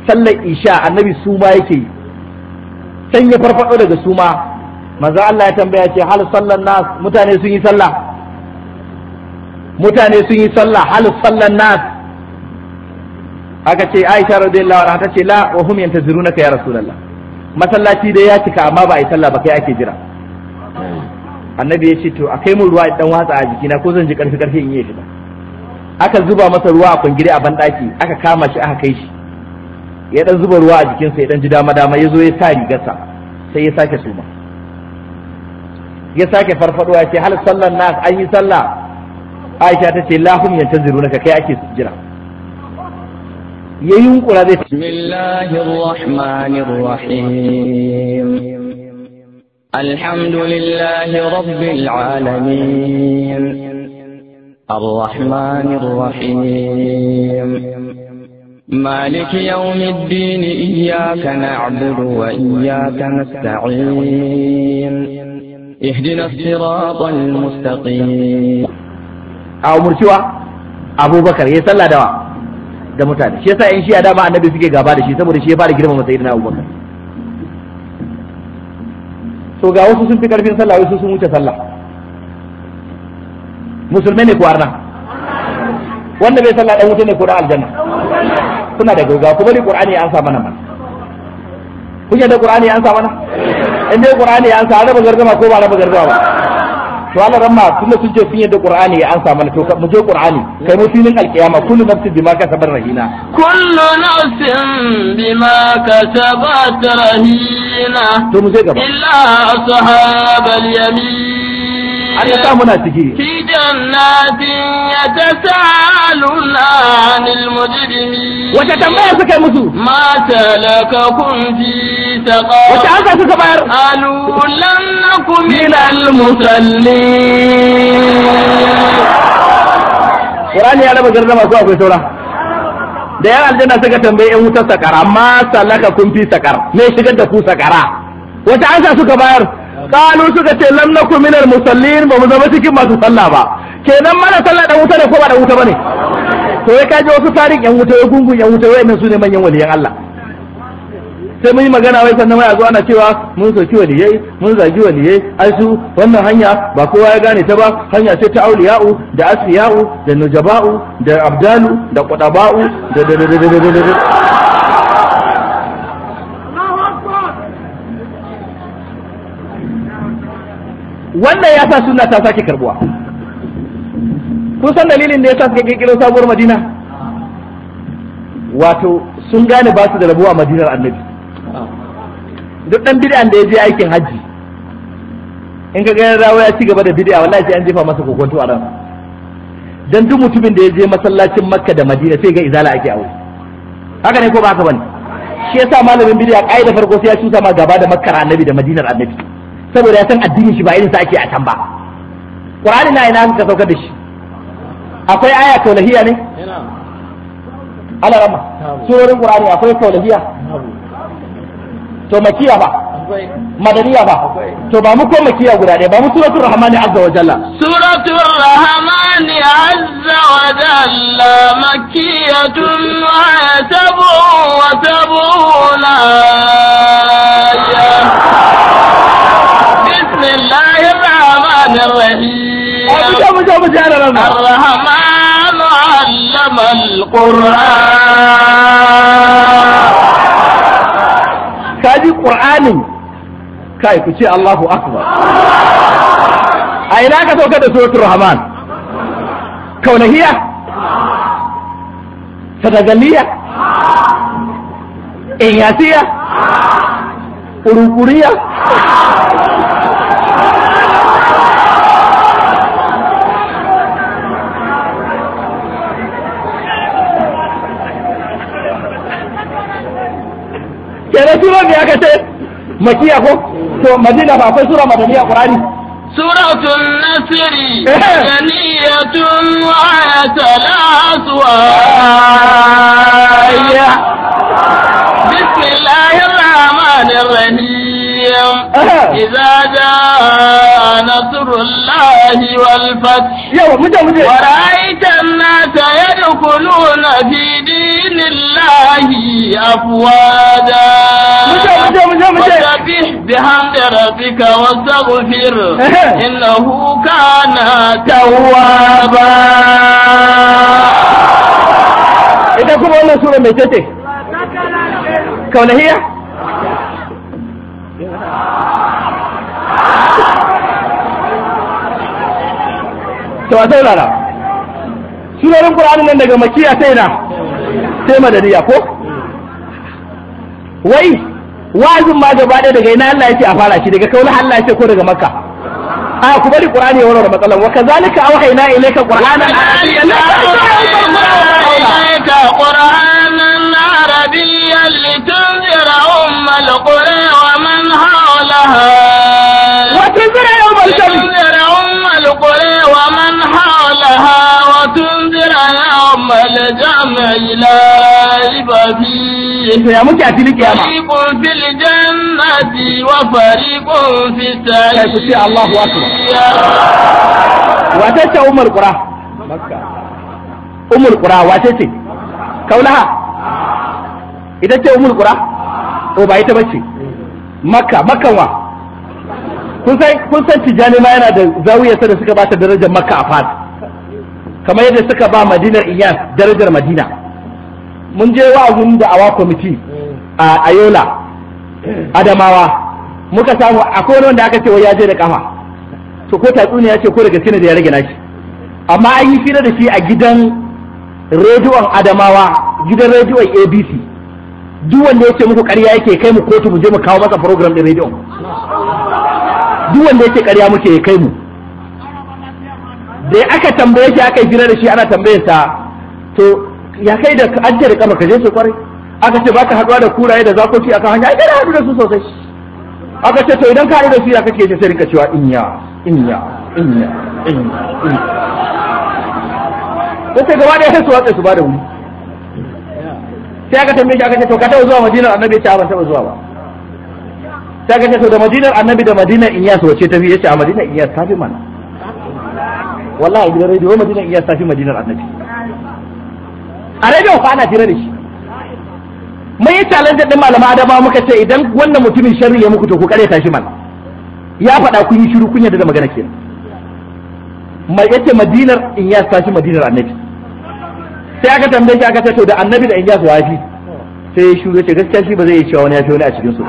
sallar isha annabi suma yake yi san ya farfado daga suma manzo Allah ya tambaya ce hal sallan nas mutane sun yi sallah mutane sun yi sallah hal sallan nas aka ce Aisha radiyallahu anha tace la wa hum yantazirunaka ya rasulullah masallaci dai ya cika amma ba a yi sallah ba kai ake jira annabi ya ce to a kai mun ruwa dan watsa a jikina ko zan ji karfi karfi in yi shi ba aka zuba masa ruwa a kungire a bandaki aka kama shi aka kai shi ya dan zuba ruwa a jikinsa ya dan ji dama dama ya zo ya sa rigarsa sai ya sake suma ya sake farfadowa ya ce hal sallan na an yi sallah Aisha ta ce hum yantazirunaka kai ake jira بسم الله الرحمن الرحيم الحمد لله رب العالمين الرحمن الرحيم مالك يوم الدين إياك نعبد وإياك نستعين اهدنا الصراط المستقيم أو مرتوى أبو بكر يسأل دواء da mutane shi yasa in shi a dama annabi suke gaba da shi saboda shi ya fara girmama sayyidina Abubakar so ga wasu sun fi karfin sallah wasu sun wuce sallah musulmai ne ko arna wanda bai sallah dan wuce ne ko da aljanna kuna da gauga kuma ni qur'ani an sa mana ma kun da qur'ani an sa mana in dai qur'ani an sa ba gargama ko ba araba gargama ba to Allah ramma tunda sun ce sun yi da Qur'ani ya ansa mana to mu je Qur'ani kai mu filin alqiyama kullu nafsin bima kasabat rahina kullu nafsin bima kasabat rahina to mu je gaba illa ashabal yamin Allah ta muna ciki fi jannatin yatasaluna anil mujrimin wata tambaya suka yi musu ma talakakum fi wace wata aka suka bayar alu na nakum minal musalli. Qur'ani ya raba garda masu akwai saura da yan aljanna suka tambaye yan wutar sakara ma salaka kun fi sakar me shigar da ku sakara wata ansa suka bayar kalu suka ce lam naku minal musallin ba mu zama cikin masu sallah ba kenan mana sallah da wuta da ko ba da wuta bane to ya kaje wasu tarin yan wuta ya gungun yan wuta wai su ne manyan waliyan Allah sai mun yi magana wai sannan ya zo ana cewa mun soki waliyai mun zagi waliyai ai su wannan hanya ba kowa ya gane ta ba hanya ce ta auliya'u da asiya'u da nujaba'u da abdalu da da, da da da da da wannan ya sa suna ta sake karbuwa kun san dalilin da ya sa suka kirkiro sabuwar madina wato sun gane ba su da rabuwa madinar annabi duk dan bid'an da ya je aikin hajji in ka gani rawa ya ci gaba da bid'a wallahi sai an jefa masa kokonto a ran dan duk mutumin da ya je masallacin makka da madina sai ga izala ake aure haka ne ko ba haka bane shi yasa malamin bid'a da farko sai ya cusa ma gaba da makkar annabi da madinar annabi saboda ya san addinin shi ba irin sa ake a can ba qur'ani na ina ka saukar da shi akwai aya tauhiya ne ala rama surorin qur'ani akwai tauhiya to makiya ba madaniya ba to ba mu ko makiya guda ɗaya ba mu suratul rahmani azza wa jalla suratul rahmani azza wa jalla makiyatun wa tabu wa ya آه، الرحمن علم القران كاجي قران كاي كتي الله اكبر اينا كتو كده سوره الرحمن كونهيه فتجليه إنياتية أروبورية kenan sura me aka ce makiya ko to madina ba akwai sura madaniya qur'ani suratul nasr eh. janiyatun wa talas wa ya bismillahir rahmanir rahim إذا جاء نصر الله والفتح ورأيت الناس يدخلون في دين الله أفواجا فسبح بحمد ربك واستغفر إنه كان توابا إذا كنت أنا سورة ميتتي كونهية da wa saurara surorin qur'anin nan daga makiya sai na sai madadiya ko wai wa'azin ma gaba ɗaya daga ina Allah yake a fara shi daga kaula Allah yake ko daga makka a ku bari qur'ani ya warware matsalan wa kazalika auhayna ilayka qur'anan qur'anan arabiyyan litunzira ummal qura wa man hawlaha wa tunzira ummal qura wa tunzir amal jamila ibabi. Ìfẹ̀yà mú kí àti ilé kíyàmá. Fàríkùn fìlì jẹ́nà ti wá fi sàyè. Ẹ̀sùn sí Aláhu Akira. Wàtẹ́sẹ̀ Umar Kura. Umar Kura wàtẹ́sẹ̀. Kaulah. ce Umar Kura? O ba ita ba ce. Makka, Makka wa. Kun san Tijjani ma yana da zawiyarsa da suka ba ta darajar Makka a fata. kamar yadda suka ba madinar iyas darajar madina mun je wa'azin da awa kwamiti a ayola adamawa muka samu akwai wani wanda aka ce wai ya je da kafa to ko tatsuniya ce ko da gaske ne da ya rage nashi amma an yi fira da shi a gidan rediyon adamawa gidan rediyon abc duk wanda ya ce muku karya yake kai mu kotu mu je mu kawo masa program din rediyon duk wanda ya ce karya muke kai mu da aka tambaye shi aka yi jira da shi ana tambayar ta to ya kai da ajiyar kama ka je su kwarai aka ce baka haɗuwa da kuraye da zakoki akan hanya ai da haɗu da su sosai aka ce to idan ka haɗu da su ya kake ce sai rinka cewa inya inya inya inya inya sai gaba da ya su watsa su ba da wuri sai aka tambaye shi aka ce to ka taɓa zuwa madinar annabi ya ce ban taɓa zuwa ba sai aka ce to da madinar annabi da madinar su wace ta fiye ya ce a madinar inya ta fi mana wallahi da rediyo madinar iya safi madinar annabi a rediyo fa ana tira da shi mai yi challenge din malama adama muka ce idan wannan mutumin sharri ya muku to ku kare tashi mana ya faɗa kun yi shiru kun yadda da magana kenan mai yace madinar in ya sashi madinar annabi sai aka tambaye shi aka ce to da annabi da in ya wafi sai ya shiru ce gaskiya shi ba zai yi cewa wani ya fi wani a cikin su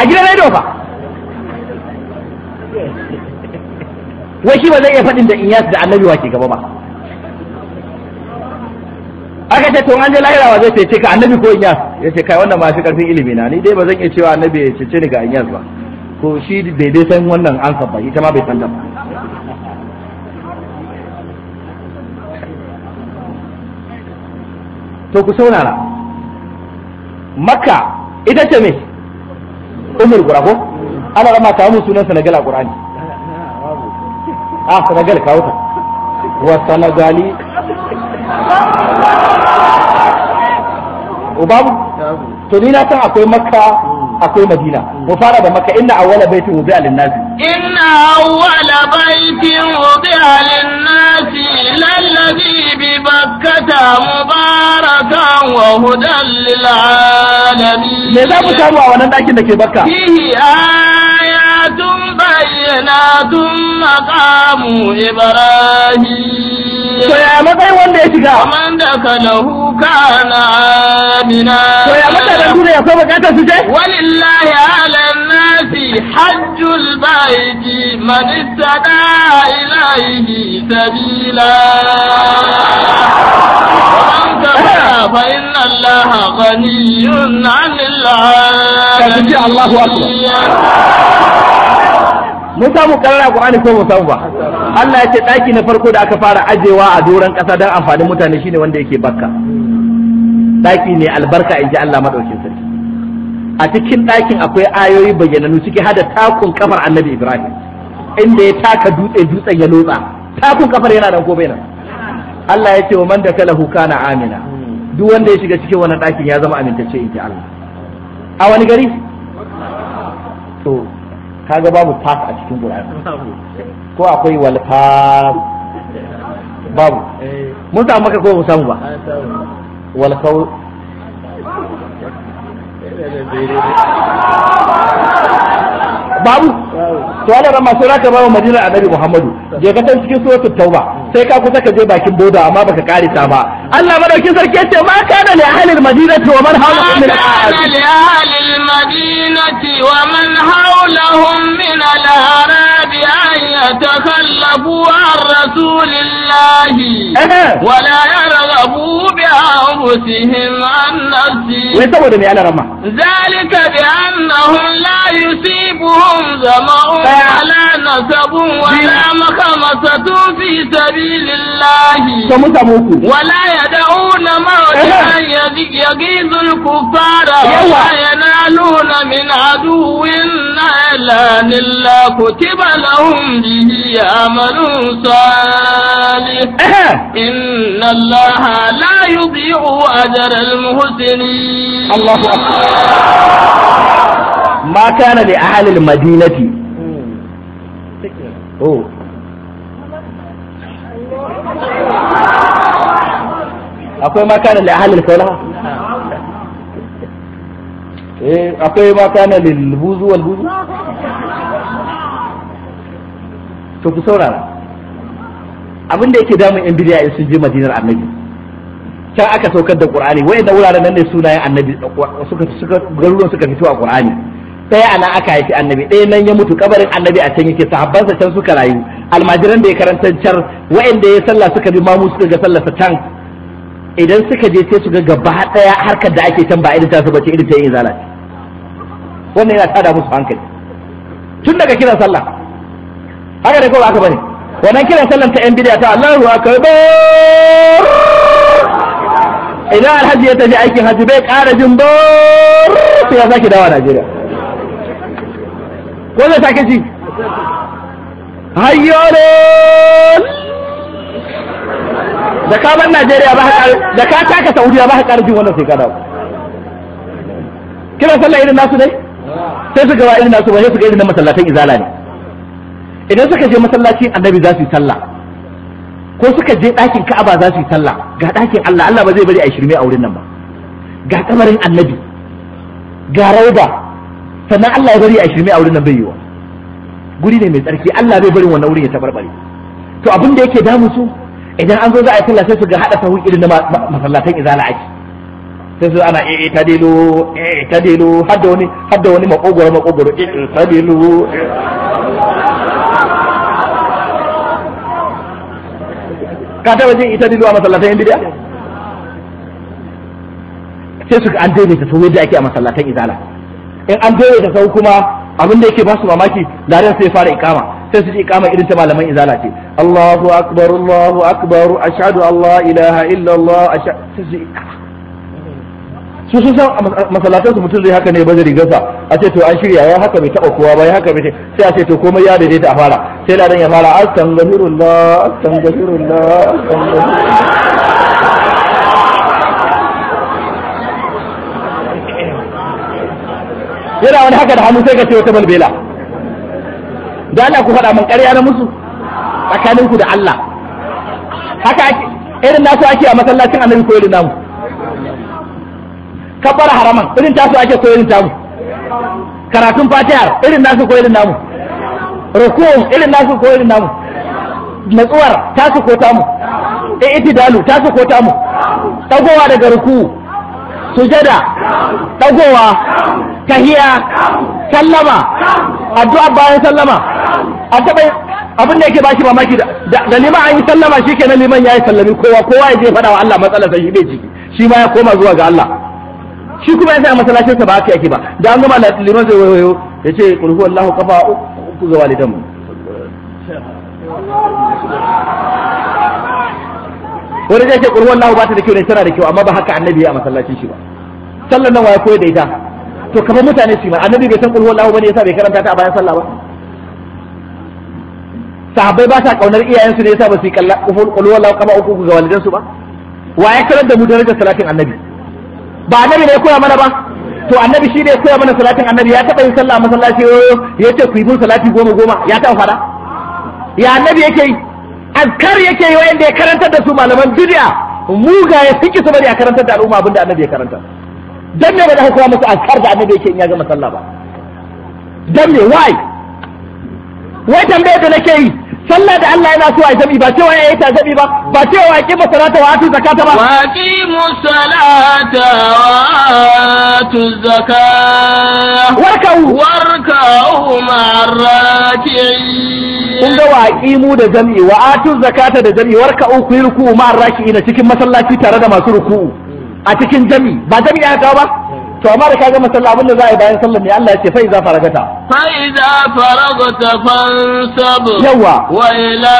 a gidan rediyo fa wai shi ba zai iya faɗin da inyas da annabi wa ke gaba ba aka ce tun an je lahira wa zai cece ka annabi ko inyas ya ce kai wannan masu karfin ilimi na ni dai ba zan iya cewa annabi ya cece ni ga inyas ba ko shi daidai san wannan an ba ita ma bai san ba to ku saurara makka ita ce me umur gura ko ana rama ta mu sunan sanagal a qur'ani a ah, sanagal kawo ta wa sanagali ubabu to ni na san akwai makka akwai madina mu fara da maka inna awwala baitin wubi'a lin-nasi inna awwala baitin wubi'a lin-nasi lalladhi bi bakkata mubarakan wa hudan lil-alamin me za mu samu a wannan dakin da ke bakka fihi tun bayyanatun maqamu ibrahim to ya matsayin wanda ya shiga man da kalahu kana amina to ya mutanen duniya ko bukatar su ce walillahi ala nasi hajjul baiti man istada ilaihi sabila فإن الله غني عن العالمين الله أكبر mun samu karara Qur'ani ko mun samu ba Allah ya ce daki na farko da aka fara ajewa a doron kasa dan amfanin mutane shine wanda yake bakka daki ne albarka inji Allah madaukin sarki a cikin dakin akwai ayoyi bayyananu ciki hada takun kafar Annabi Ibrahim inda ya taka dutse dutsen ya lotsa takun kafar yana da gobe nan Allah ya ce wa man da kalahu kana amina duk wanda ya shiga cikin wannan dakin ya zama amintacce inji Allah a wani gari to kaga babu tas a cikin Qur'ani ko akwai wal tas babu eh. mun samu maka ko mu samu ba wal kaw eh, eh, babu to Allah ran masu raka bawa madina annabi Muhammadu je ka san cikin suratul tauba sai ka kusa ka je bakin boda amma baka kare ta ba Allah madaukin sarki yace ma kana li ahlil madinati wa man hawlahum min al madinati wa man hawlahum min al arabi an yatakhallafu an rasulillahi wala yarghabu bi anfusihim an nafsi wai saboda me Allah ramma zalika bi annahum la yusibuhum ظمأ ولا نسب ولا مخمسة في سبيل الله ولا يدعون موتا يغيظ الكفار ولا ينالون من عدو نيلا إلا كتب لهم به عمل صالح إن الله لا يضيع أجر المحسنين الله أكبر ma kana li ahlil madinati oh. akwai ma kana li ahlil salaha eh akwai ma kana lil buzu wal buzu to ku saurara abin da yake damun yan bidiya sun je madinar annabi can aka saukar da qur'ani wayanda wuraren nan ne sunayen annabi suka suka garuruwan suka fito a qur'ani ɗaya a aka haifi annabi ɗaya nan ya mutu kabarin annabi a can yake sahabbansa can suka rayu almajiran da ya karanta can waɗanda ya sallah suka bi mamu suka ga sallarsa can idan suka je sai su ga gaba ɗaya harkar da ake can ba irin ta su bace irin ta yin zala ce wannan yana tada musu hankali tun daga kiran sallah haka da kawai aka bane wannan kiran sallan ta yan bidiya ta Allahu akbar idan alhaji ya tafi aikin haji bai ƙara jin bar sai ya sake dawa Najeriya ko zai take shi hayyaron da ka bar Najeriya ba da ka taka Saudiya ba haƙar jin wannan sai ka dawo kina sallah irin nasu dai sai su gaba irin nasu ba sai su ga irin masallatan izala ne idan suka je masallacin annabi za su yi sallah ko suka je ɗakin ka'aba za su yi sallah ga ɗakin Allah Allah ba zai bari a shirme a wurin nan ba ga kamarin annabi ga rauda sannan Allah ya bari a shirme a wurin nan bai yi wa, guri ne mai tsarki Allah bai bari wannan wurin ya tabarbare to abin da yake damu su idan an zo za a yi sallah sai su ga hada sahu irin na masallatan izala ake sai su ana eh, eh ta delo eh, eh ta delo har da wani har da wani makogoro makogoro eh, eh ta delo ka taba jin ita dilo a masallatan bidiya sai su ga an daidaita sau yadda ake a masallatan izala in an dole ta sau kuma abin da yake ba su mamaki ladan sai fara ikama sai su ji ikama irin ta malaman izala ce Allahu akbar Allahu akbar ashhadu Allah ilaha illa Allah ashhadu su sun san masallatan su mutum zai haka ne bazari gasa a ce to an shirya ya haka bai taba kowa ba ya haka bai sai a ce to komai ya daidaita a fara sai ladan ya fara astaghfirullah astaghfirullah astaghfirullah yana wani haka da hannu sai ka ce wata balbela da Allah ku faɗa man ƙarya na musu tsakanin ku da Allah haka ake irin nasu ake a masallacin annabi ko irin namu kabbara haraman irin tasu ake ko irin tamu karatun fatiha irin nasu ko irin namu rukun irin nasu ko irin namu natsuwar tasu ko tamu e itidalu tasu ko tamu dagowa daga ruku sujada dagowa tahiya sallama addu'a bayan sallama a taba abin da yake ba shi mamaki da liman an yi sallama shi kenan liman ya yi sallami kowa kowa ya je faɗa wa Allah sai shi bai ciki shi ma ya koma zuwa ga Allah shi kuma ya sa masallacinsa ba haka yake ba da an gama liman sai wayo ya ce kul huwallahu qafa ku ga walidan mu wani zai ce kul huwallahu ba ta da kyau ne tana da kyau amma ba haka annabi ya a masallacin shi ba sallan nan wa ya koyar da ita to kamar mutane su ma annabi bai san kulhu wallahu bane yasa bai karanta ta a bayan sallah ba sahabbai ba sa kaunar iyayensu ne yasa ba su yi kulhu wallahu kama uku ga walidansu ba wa ya karanta da mu darajar salatin annabi ba annabi ne koya mana ba to annabi shi ne ya koya mana salatin annabi ya taba yin sallah masallaci oh, oh, oh, ya ce ku yi mun salati goma goma ya taɓa fada ya annabi yake yi azkar yake yi wa'anda ya karantar da su malaman bid'a mugaye suke su bari a karantar da al'umma abinda annabi ya karanta dan me ba za ka koya musu askar da annabi yake in ya gama sallah ba dan me why wai tambayar da nake yi sallah da Allah yana so a zabi ba cewa yayi ta zabi ba ba cewa ki mu salata wa atu zakata ba wa ki mu salata wa atu zakata warkau warkau ma'arraki'in kun ga wa mu da zami wa atu zakata da zami warkau ku yi ruku'u na cikin masallaci tare da masu ruku'u a cikin jami ba jami ya kawo ba to amma da kaga masalla abin da za a yi bayan sallar ne Allah ya ce fa'iza faragata Fa'iza faragata fansab yawa wa ila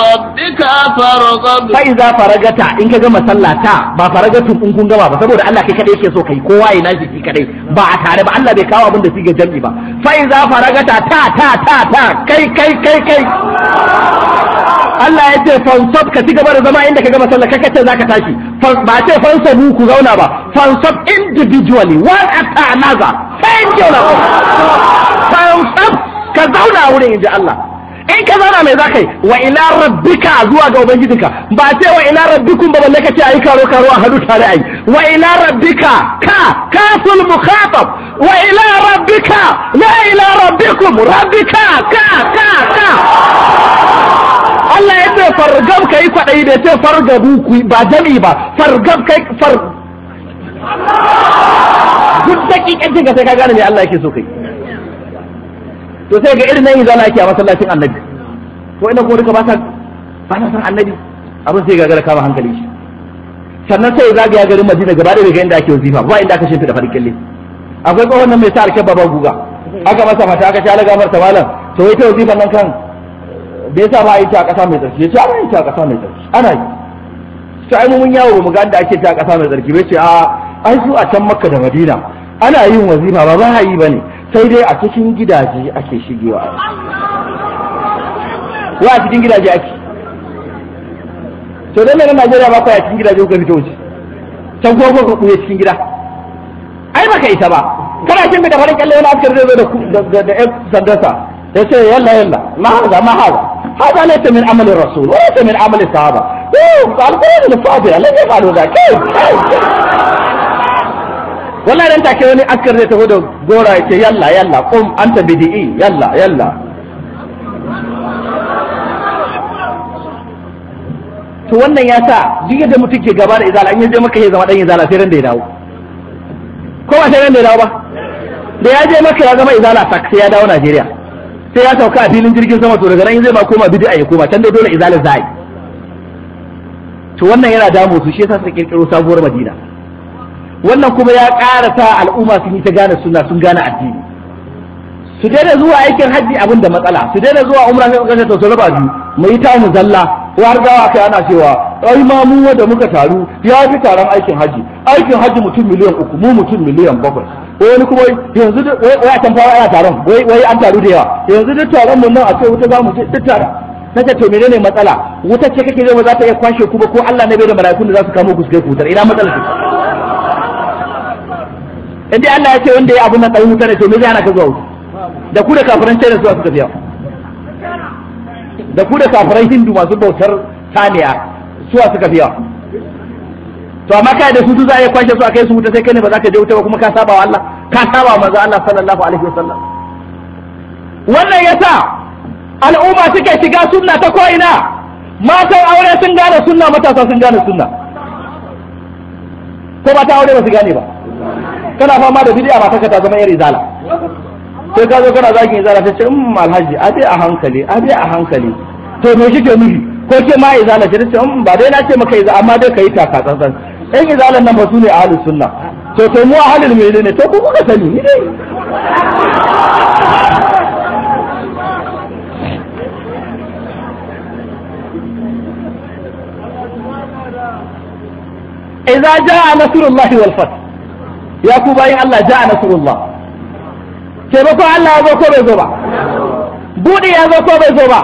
rabbika farghab fa iza faragata in ka gama sallah ta ba faragatu in kun gama ba saboda Allah kai kadai yake so kai kowa ya nashi shi kadai ba a tare ba Allah bai kawo abin da su jami ba Fa'iza faragata ta ta ta ta kai kai kai kai Allah ya ce fansab ka ci gaba da zama inda ka gama sallah ka kace zaka tashi ba ce fansabu ku zauna ba fansab individually one after another thank you Lord fansab ka zauna wurin inji Allah in ka zauna mai zaka yi wa ila rabbika zuwa ga ubangijinka ba ce wa ila rabbikum ba balle kace ayi karo karo a hadu tare ayi wa ila rabbika ka kaful mukhatab wa ila rabbika la ila rabbikum rabbika ka ka ka Allah ya ce fargab kai kwaɗayi bai ce fargabu ku ba jami ba fargab kai far duk dakikan ka sai ka gane me Allah yake so kai to sai ga irin nan yanzu Allah yake a masallacin annabi to ina kuma duka ba ta ba ta san annabi abin sai gagara kama hankali shi sannan sai ga garin Madina gaba da daga inda ake wazifa ba inda aka da farin kille akwai tsohon nan mai sa alkebba ba guga aka masa mata aka sha lagafar malam to wai ta wazifan nan kan da yasa ba a yi ta a ƙasa mai tsarki ya ce ana yi ta a ƙasa mai tsarki ana yi sai ai mun yawo mu ga da ake ta a ƙasa mai tsarki bai ce a ai su a can makka da madina ana yin wazima ba ba yi bane sai dai a cikin gidaje ake shigewa wa a cikin gidaje ake to dan nan Najeriya ba kai a cikin gidaje kuka fito wuce can ko ko ku cikin gida ai baka isa ba kana cin da farin kalle wani da zai zo da da da sandarsa ce yalla yalla ma haza ma haza هذا ليس من عمل الرسول وليس من عمل الصحابة القرآن الفاضل الذي يفعل ذلك كيف wallahi dan take wani askar zai taho da gora ya ce yalla yalla qum anta bidi'i yalla to wannan ya sa duk yadda mutum ke gaba da izala in ya maka ya zama dan izala sai ran da ya dawo ko ba sai ran da ya dawo ba da ya je maka ya zama izala sak sai ya dawo Najeriya sai ya sauka a filin jirgin sama to daga nan zai ba koma a ya koma can dai dole izalin yi. to wannan yana damu su shi yasa suka kirkiro sabuwar madina wannan kuma ya ƙara sa al'umma sun yi ta gane suna sun gane addini su daina zuwa aikin hajji abin da matsala su daina zuwa umra sai kashe to su raba biyu mu yi tamu zalla ko har gawa kai ana cewa ai ma mu da muka taru ya fi taron aikin hajji aikin hajji mutum miliyan uku mu mutum miliyan bakwai wani kuma yanzu wai a tamfawa ana taron wai an taru da yawa yanzu duk taron mun nan a kai wuta za mu duk tara nace to menene matsala wuta ce kake zai za ta iya kwashe ku ba ko Allah ne bai da mala'ikun da za su kamo ku su kai ku wutar ina matsala ce in Allah ya ce wanda ya abun nan ɗan wuta to me zai ana ka zuwa wuta da ku da kafiran China zuwa suka biya da ku da kafiran Hindu masu bautar saniya suwa suka biya to amma kai da su za a yi kwashe su a kai su wuta sai kai ne ba za ka je wuta ba kuma ka saba wa Allah ka saba wa manzo Allah sallallahu alaihi wasallam wannan yasa al'umma suke shiga sunna ta ko ina matan aure sun gane sunna matasa sun gane sunna ko ba ta aure ba su gane ba kana fama da bid'a ba ka ta zama yar izala sai ka zo kana zagin izala ta ce um alhaji a dai a hankali a dai a hankali to me shi ke nufi ko ke ma izala ce ta ce um ba dai na ce maka izala amma dai ka yi taka tsantsan ɗan izalan nan ba su ne ahalin sunna to kai mu ahalin mai ne to ku kuka sani ni dai idza jaa nasrullah wal fath ya ku bayin Allah jaa nasrullah ke ba ko Allah ya zo ko bai zo ba bude ya zo ko bai zo ba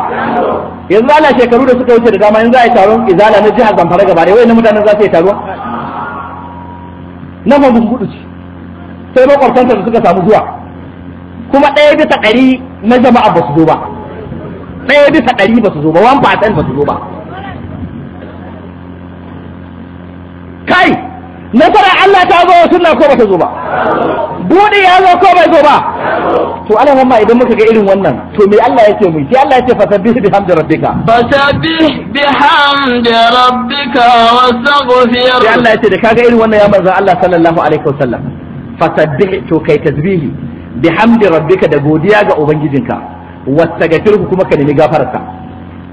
yanzu Allah shekaru da suka wuce da dama yanzu ai taron izala na jihar Zamfara gaba da wai na mutanen za su yi taruwa na fa ce sai makwabtanta da suka samu zuwa kuma ɗaya bisa ɗari na jama'a ba su zo ba ɗaya bisa ɗari ba su zo ba 1% ba su zo ba kai nasara Allah ta zo suna ko bata zo ba buɗe ya zo ko bai zo ba to Allah mamma idan muka ga irin wannan to me Allah yake mu sai Allah yake fasabbih bihamdi rabbika fasabbih bihamdi rabbika wastaghfir sai Allah yake da kaga irin wannan ya manzo Allah sallallahu alaihi wasallam fasabbih to kai tasbihi bihamdi rabbika da godiya ga ubangijinka wastaghfirhu kuma ka nemi gafararsa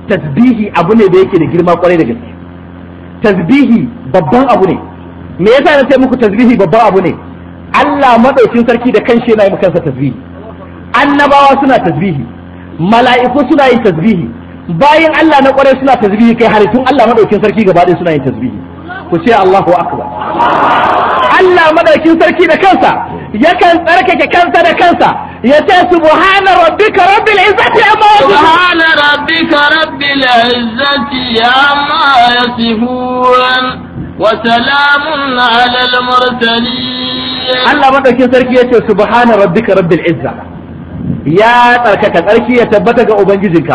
tasbihi abu ne da yake da girma kwarai da gaske tasbihi babban abu ne me yasa na ce muku tasbihi babban abu ne Allah madaukin sarki da kanshi yana yi kansa tasbihi annabawa suna tasbihi mala'iku suna yin tasbihi bayan Allah na kwarai suna tasbihi kai tun Allah madaukin sarki gaba ɗaya suna yin tasbihi ku ce Allahu akbar Allah madaukin sarki da kansa yakan tsarkake kansa da kansa ya ce subhana rabbika rabbil izzati amma yasifun subhana rabbika rabbil izzati amma yasifun وسلام على المرسلين الله مدكين سركي يتي سبحان ربك رب العزة يا تركك سركي يتبتك أبنجزك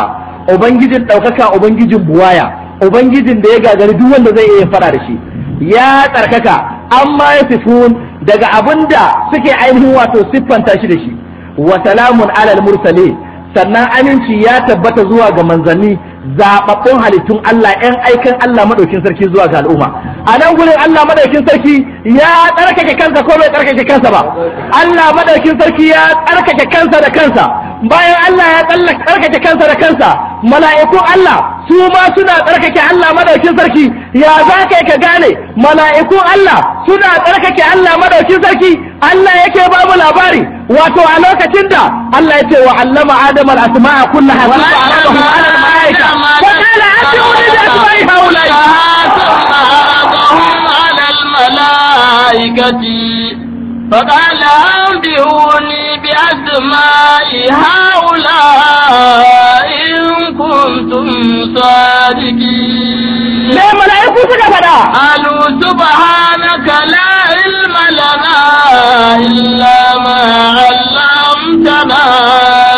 أبنجز توكك أبنجز بوايا Ubangijin da ya gagari duk wanda zai iya fara da shi ya tsarkaka amma ya sifun daga abin da suke ainihin wato siffanta shi da shi wa alal mursale sannan aminci ya tabbata zuwa ga manzanni zababbun halittun Allah ƴan aikan Allah madaukin sarki zuwa ga al'umma a nan gurin Allah madaukin sarki ya tsarkake kansa ko bai tsarkake kansa ba Allah madaukin sarki ya tsarkake kansa da kansa bayan Allah ya tsarkake kansa da kansa mala'iku Allah su ma suna tsarkake Allah madaukin sarki ya za ka ka gane mala'ikun Allah suna tsarkake Allah madaukin sarki Allah yake ba labari wato a lokacin da Allah ya ce wa allama adam al-asma'a kullaha wa allama ala al-malaika wa qala atiuni bi asma'i haula'i ala al-malaikati فقال أنبئوني بأسماء هؤلاء إن كنتم صادقين me mala'iku suka fada alu subhanaka la ilma lana illa ma 'allamtana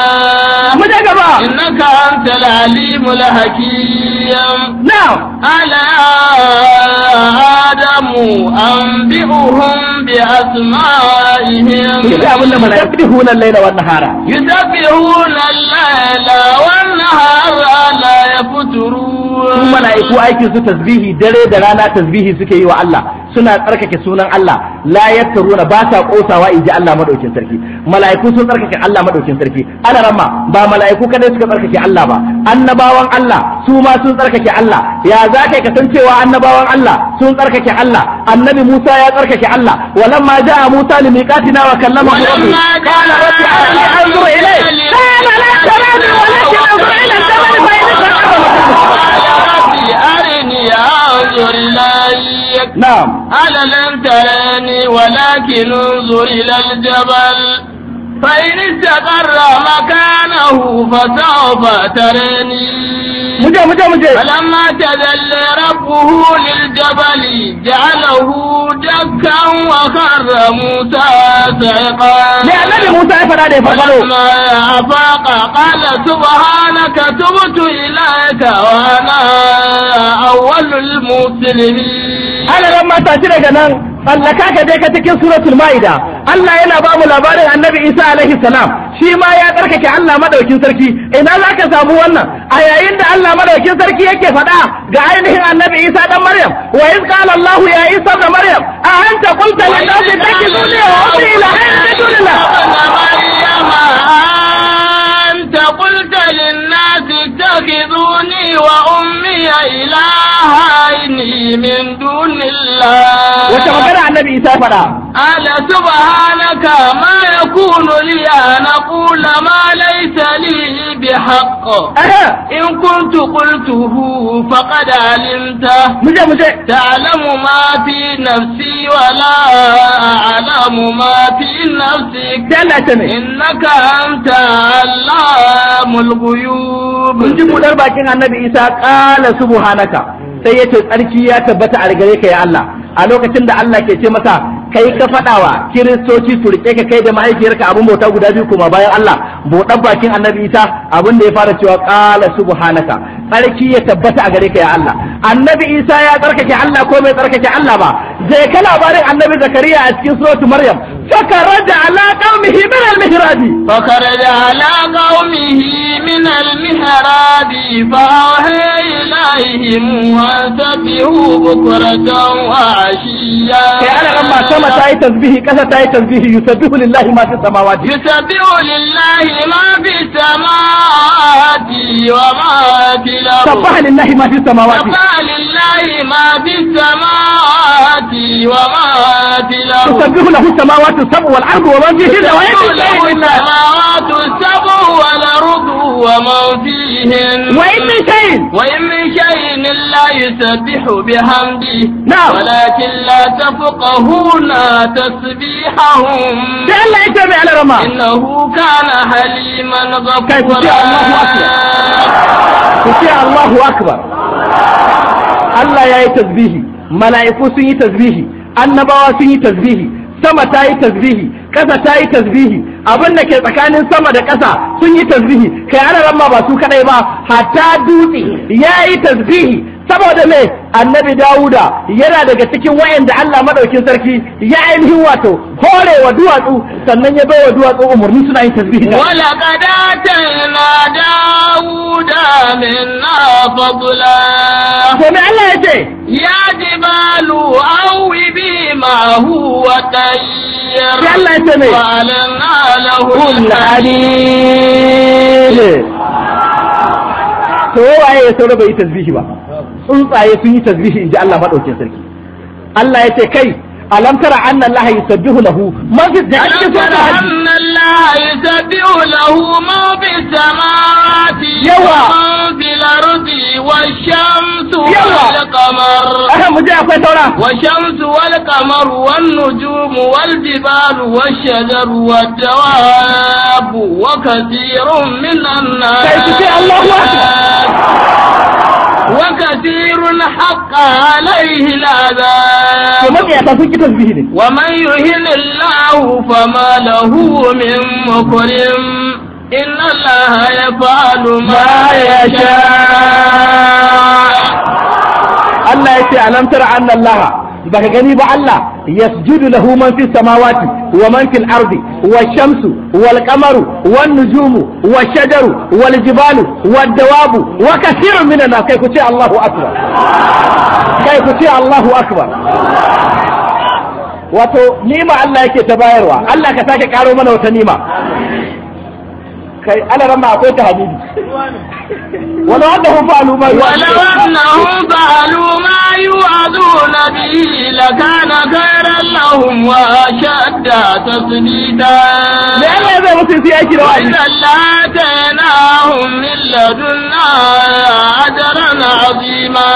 نعم إنك أنت العليم الحكيم نعم ألا آدم أنبئهم بأسمائهم يسبحون الليل والنهار يسبحون الليل والنهار لا يفترون su mala'iku aikin su tasbihi dare da rana tasbihi suke yi wa Allah suna tsarkake sunan Allah la yattaruna ba sa ƙosawa in ji Allah madaukin sarki mala'iku sun tsarkake Allah madaukin sarki ana ramma ba mala'iku kada da suka tsarkake Allah ba annabawan Allah su ma sun tsarkake Allah ya za ka kasancewa annabawan Allah sun tsarkake Allah annabi Musa ya tsarkake Allah walamma jaa Musa li miqatina wa kallamahu rabbi qala rabbi arni anzur ilayk qala la tarani walakin anzur ila al-jabal fa inni أرني أنظر إليك نعم أنا لم تراني ولكن انظر إلى الجبل فإن استقر مكانه فسوف تريني مجا مجا مجا فلما تذل رب ربه للجبل جعله دكا وخر موسى سعقا يا نبي موسى فلا دي فقلوا لما أفاق قال سبحانك تبت إليك وأنا أول المسلمين أنا لما تأتي nan Allah ka je ka cikin suratul ma'ida Allah yana ba mu labarin annabi Isa alaihi salam shi ma ya tsarkake Allah madaukin sarki ina za ka samu wannan a yayin da Allah madaukin sarki yake faɗa ga ainihin annabi عيسى بن مريم وإذ قال الله يا عيسى بن مريم أأنت قلت للناس اتخذوني وأمي إلهين بدون الله min dunillah wace magana annabi isa fada ala subhanaka ma yakunu li an aqula ma laysa li bi haqq in kuntu qultuhu faqad alimta muje muje ta'lamu ma fi nafsi wa la a'lamu ma fi nafsi dalla tane innaka anta allamul ghuyub mun ji mudar bakin annabi isa qala subhanaka sai ya ce tsarki ya tabbata a gare ka ya Allah a lokacin da Allah ke ce masa kai ka faɗawa kiristoci su rike ka kai da mahaifiyarka abin bauta guda biyu kuma bayan Allah buɗan bakin annabi Isa abin da ya fara cewa qala subhanaka tsarki ya tabbata a gare ka ya Allah annabi Isa ya tsarkake Allah ko bai tsarkake Allah ba je ka labarin annabi zakariya a cikin suratu maryam fakaraja ala qaumihi min al-mihrab fakaraja ala qaumihi min al-mihrab fa awha ilaihim wa tabihu bukratan wa ashiya kai ana ran ma sama ta yi tasbihi kasa ta yi tasbihi yusabbihu lillahi ma fi samawati yusabbihu lillahi ma fi samawati wa ma fi al-ardi sabbaha lillahi ma fi samawati sabbaha lillahi ma fi samawati لي وما في له تسبح له السماوات السبع والأرض ومن فيهن وإن له السماوات السبع والأرض ومن فيهن وإن من شيء وإن من شيء لا يسبح بحمده نعم ولكن لا تفقهون تسبيحهم لألا يتابع على رما إنه كان حليما غفورا كيف الله أكبر الله أكبر الله يا تسبيحي mala'iku sun yi tasbihi annabawa sun yi tasbihi sama ta yi tasbihi ƙasa ta yi tasbihi abin da ke tsakanin sama da ƙasa sun yi tasbihi kai ana ranma ba su kadai ba hatta dutse ya yi tasbihi saboda me annabi dawuda yana daga cikin wayanda Allah madaukin sarki ya ainihin wato hore wa duwatsu sannan ya bai wa duwatsu umarni suna yin tasbihi wala la dawuda minna fadla to me Allah ya ce ya jibalu awi bi ma huwa tayyir Allah ya me walanna lahu al to waye ya saura bai tasbihi ba tsuntsaye sun yi tasbihi inji Allah madaukin sarki Allah ya ce kai alam tara anna Allah yusabbihu lahu ma fi da ake so da haji anna Allah yusabbihu lahu ma fi samawati yawa fil ardi wash-shamsu wal-qamar aha muje akwai taura wash-shamsu wal-qamar wan-nujumu wal-jibalu wash-shajaru wad-dawabu wa kathirun min an-nas sai Allahu akbar وكثير الحق عليه العذاب ومن يهن الله فما له من مكرم إن الله يفعل ما يشاء الله يتي ألم تر أن الله baka gani ba Allah yasjudu lahu man fis samawati wa man fil ardi wa shamsu wal-qamaru wan-nujumu wa shajaru wal-jibalu wad-dawabu wa kathirun min nas kai ku ce Allahu akbar kai ku ce Allahu akbar wato nima Allah yake ta bayarwa Allah ka sake karo mana wata nima kai ala rama akwai ta hadidi walau annahum fa'alu ma walau annahum fa'alu ma yu'aduna bihi lakana khairan lahum wa ashadda tasdida me Allah zai musu sai aiki da wani latanahum min ladunna ajran azima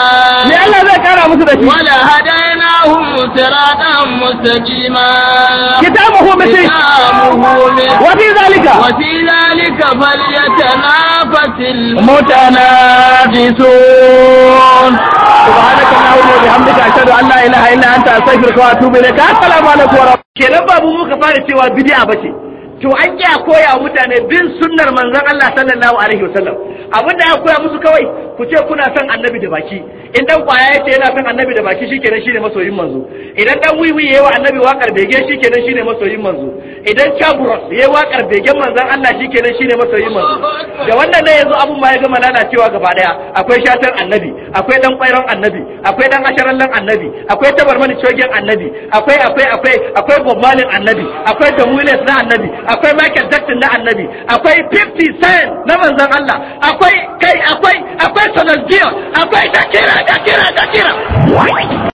me Allah zai kara musu da shi wala hadainahum siratan mustaqima kitabuhu misri kitabuhu wa fi zalika wa fi zalika ka falye tana fasil. Mota na jisun. Subhanaka da ta da Allah ya laha ina ta sai firkawa kora. Kenan babu muka fara cewa bidiya ba ce. to an ki koya wa mutane bin sunnar manzon Allah sallallahu alaihi wasallam abin da aka koya musu kawai ku ce kuna son annabi da baki in dan kwaya yace yana son annabi da baki shikenan shine masoyin manzo idan dan wiwi yayi wa annabi wakar bege shikenan shine masoyin manzo idan chaburos yayi wakar begen manzon Allah shikenan shine masoyin manzo da wannan ne yanzu abun ma ya gama cewa gaba daya akwai shatan annabi akwai dan kwairon annabi akwai dan lan annabi akwai tabarmani cogen annabi akwai akwai akwai akwai bommalin annabi akwai damules na annabi akwai Michael Jackson na annabi akwai 50 Cent na manzon Allah akwai kai akwai akwai Sonos akwai Shakira Shakira Shakira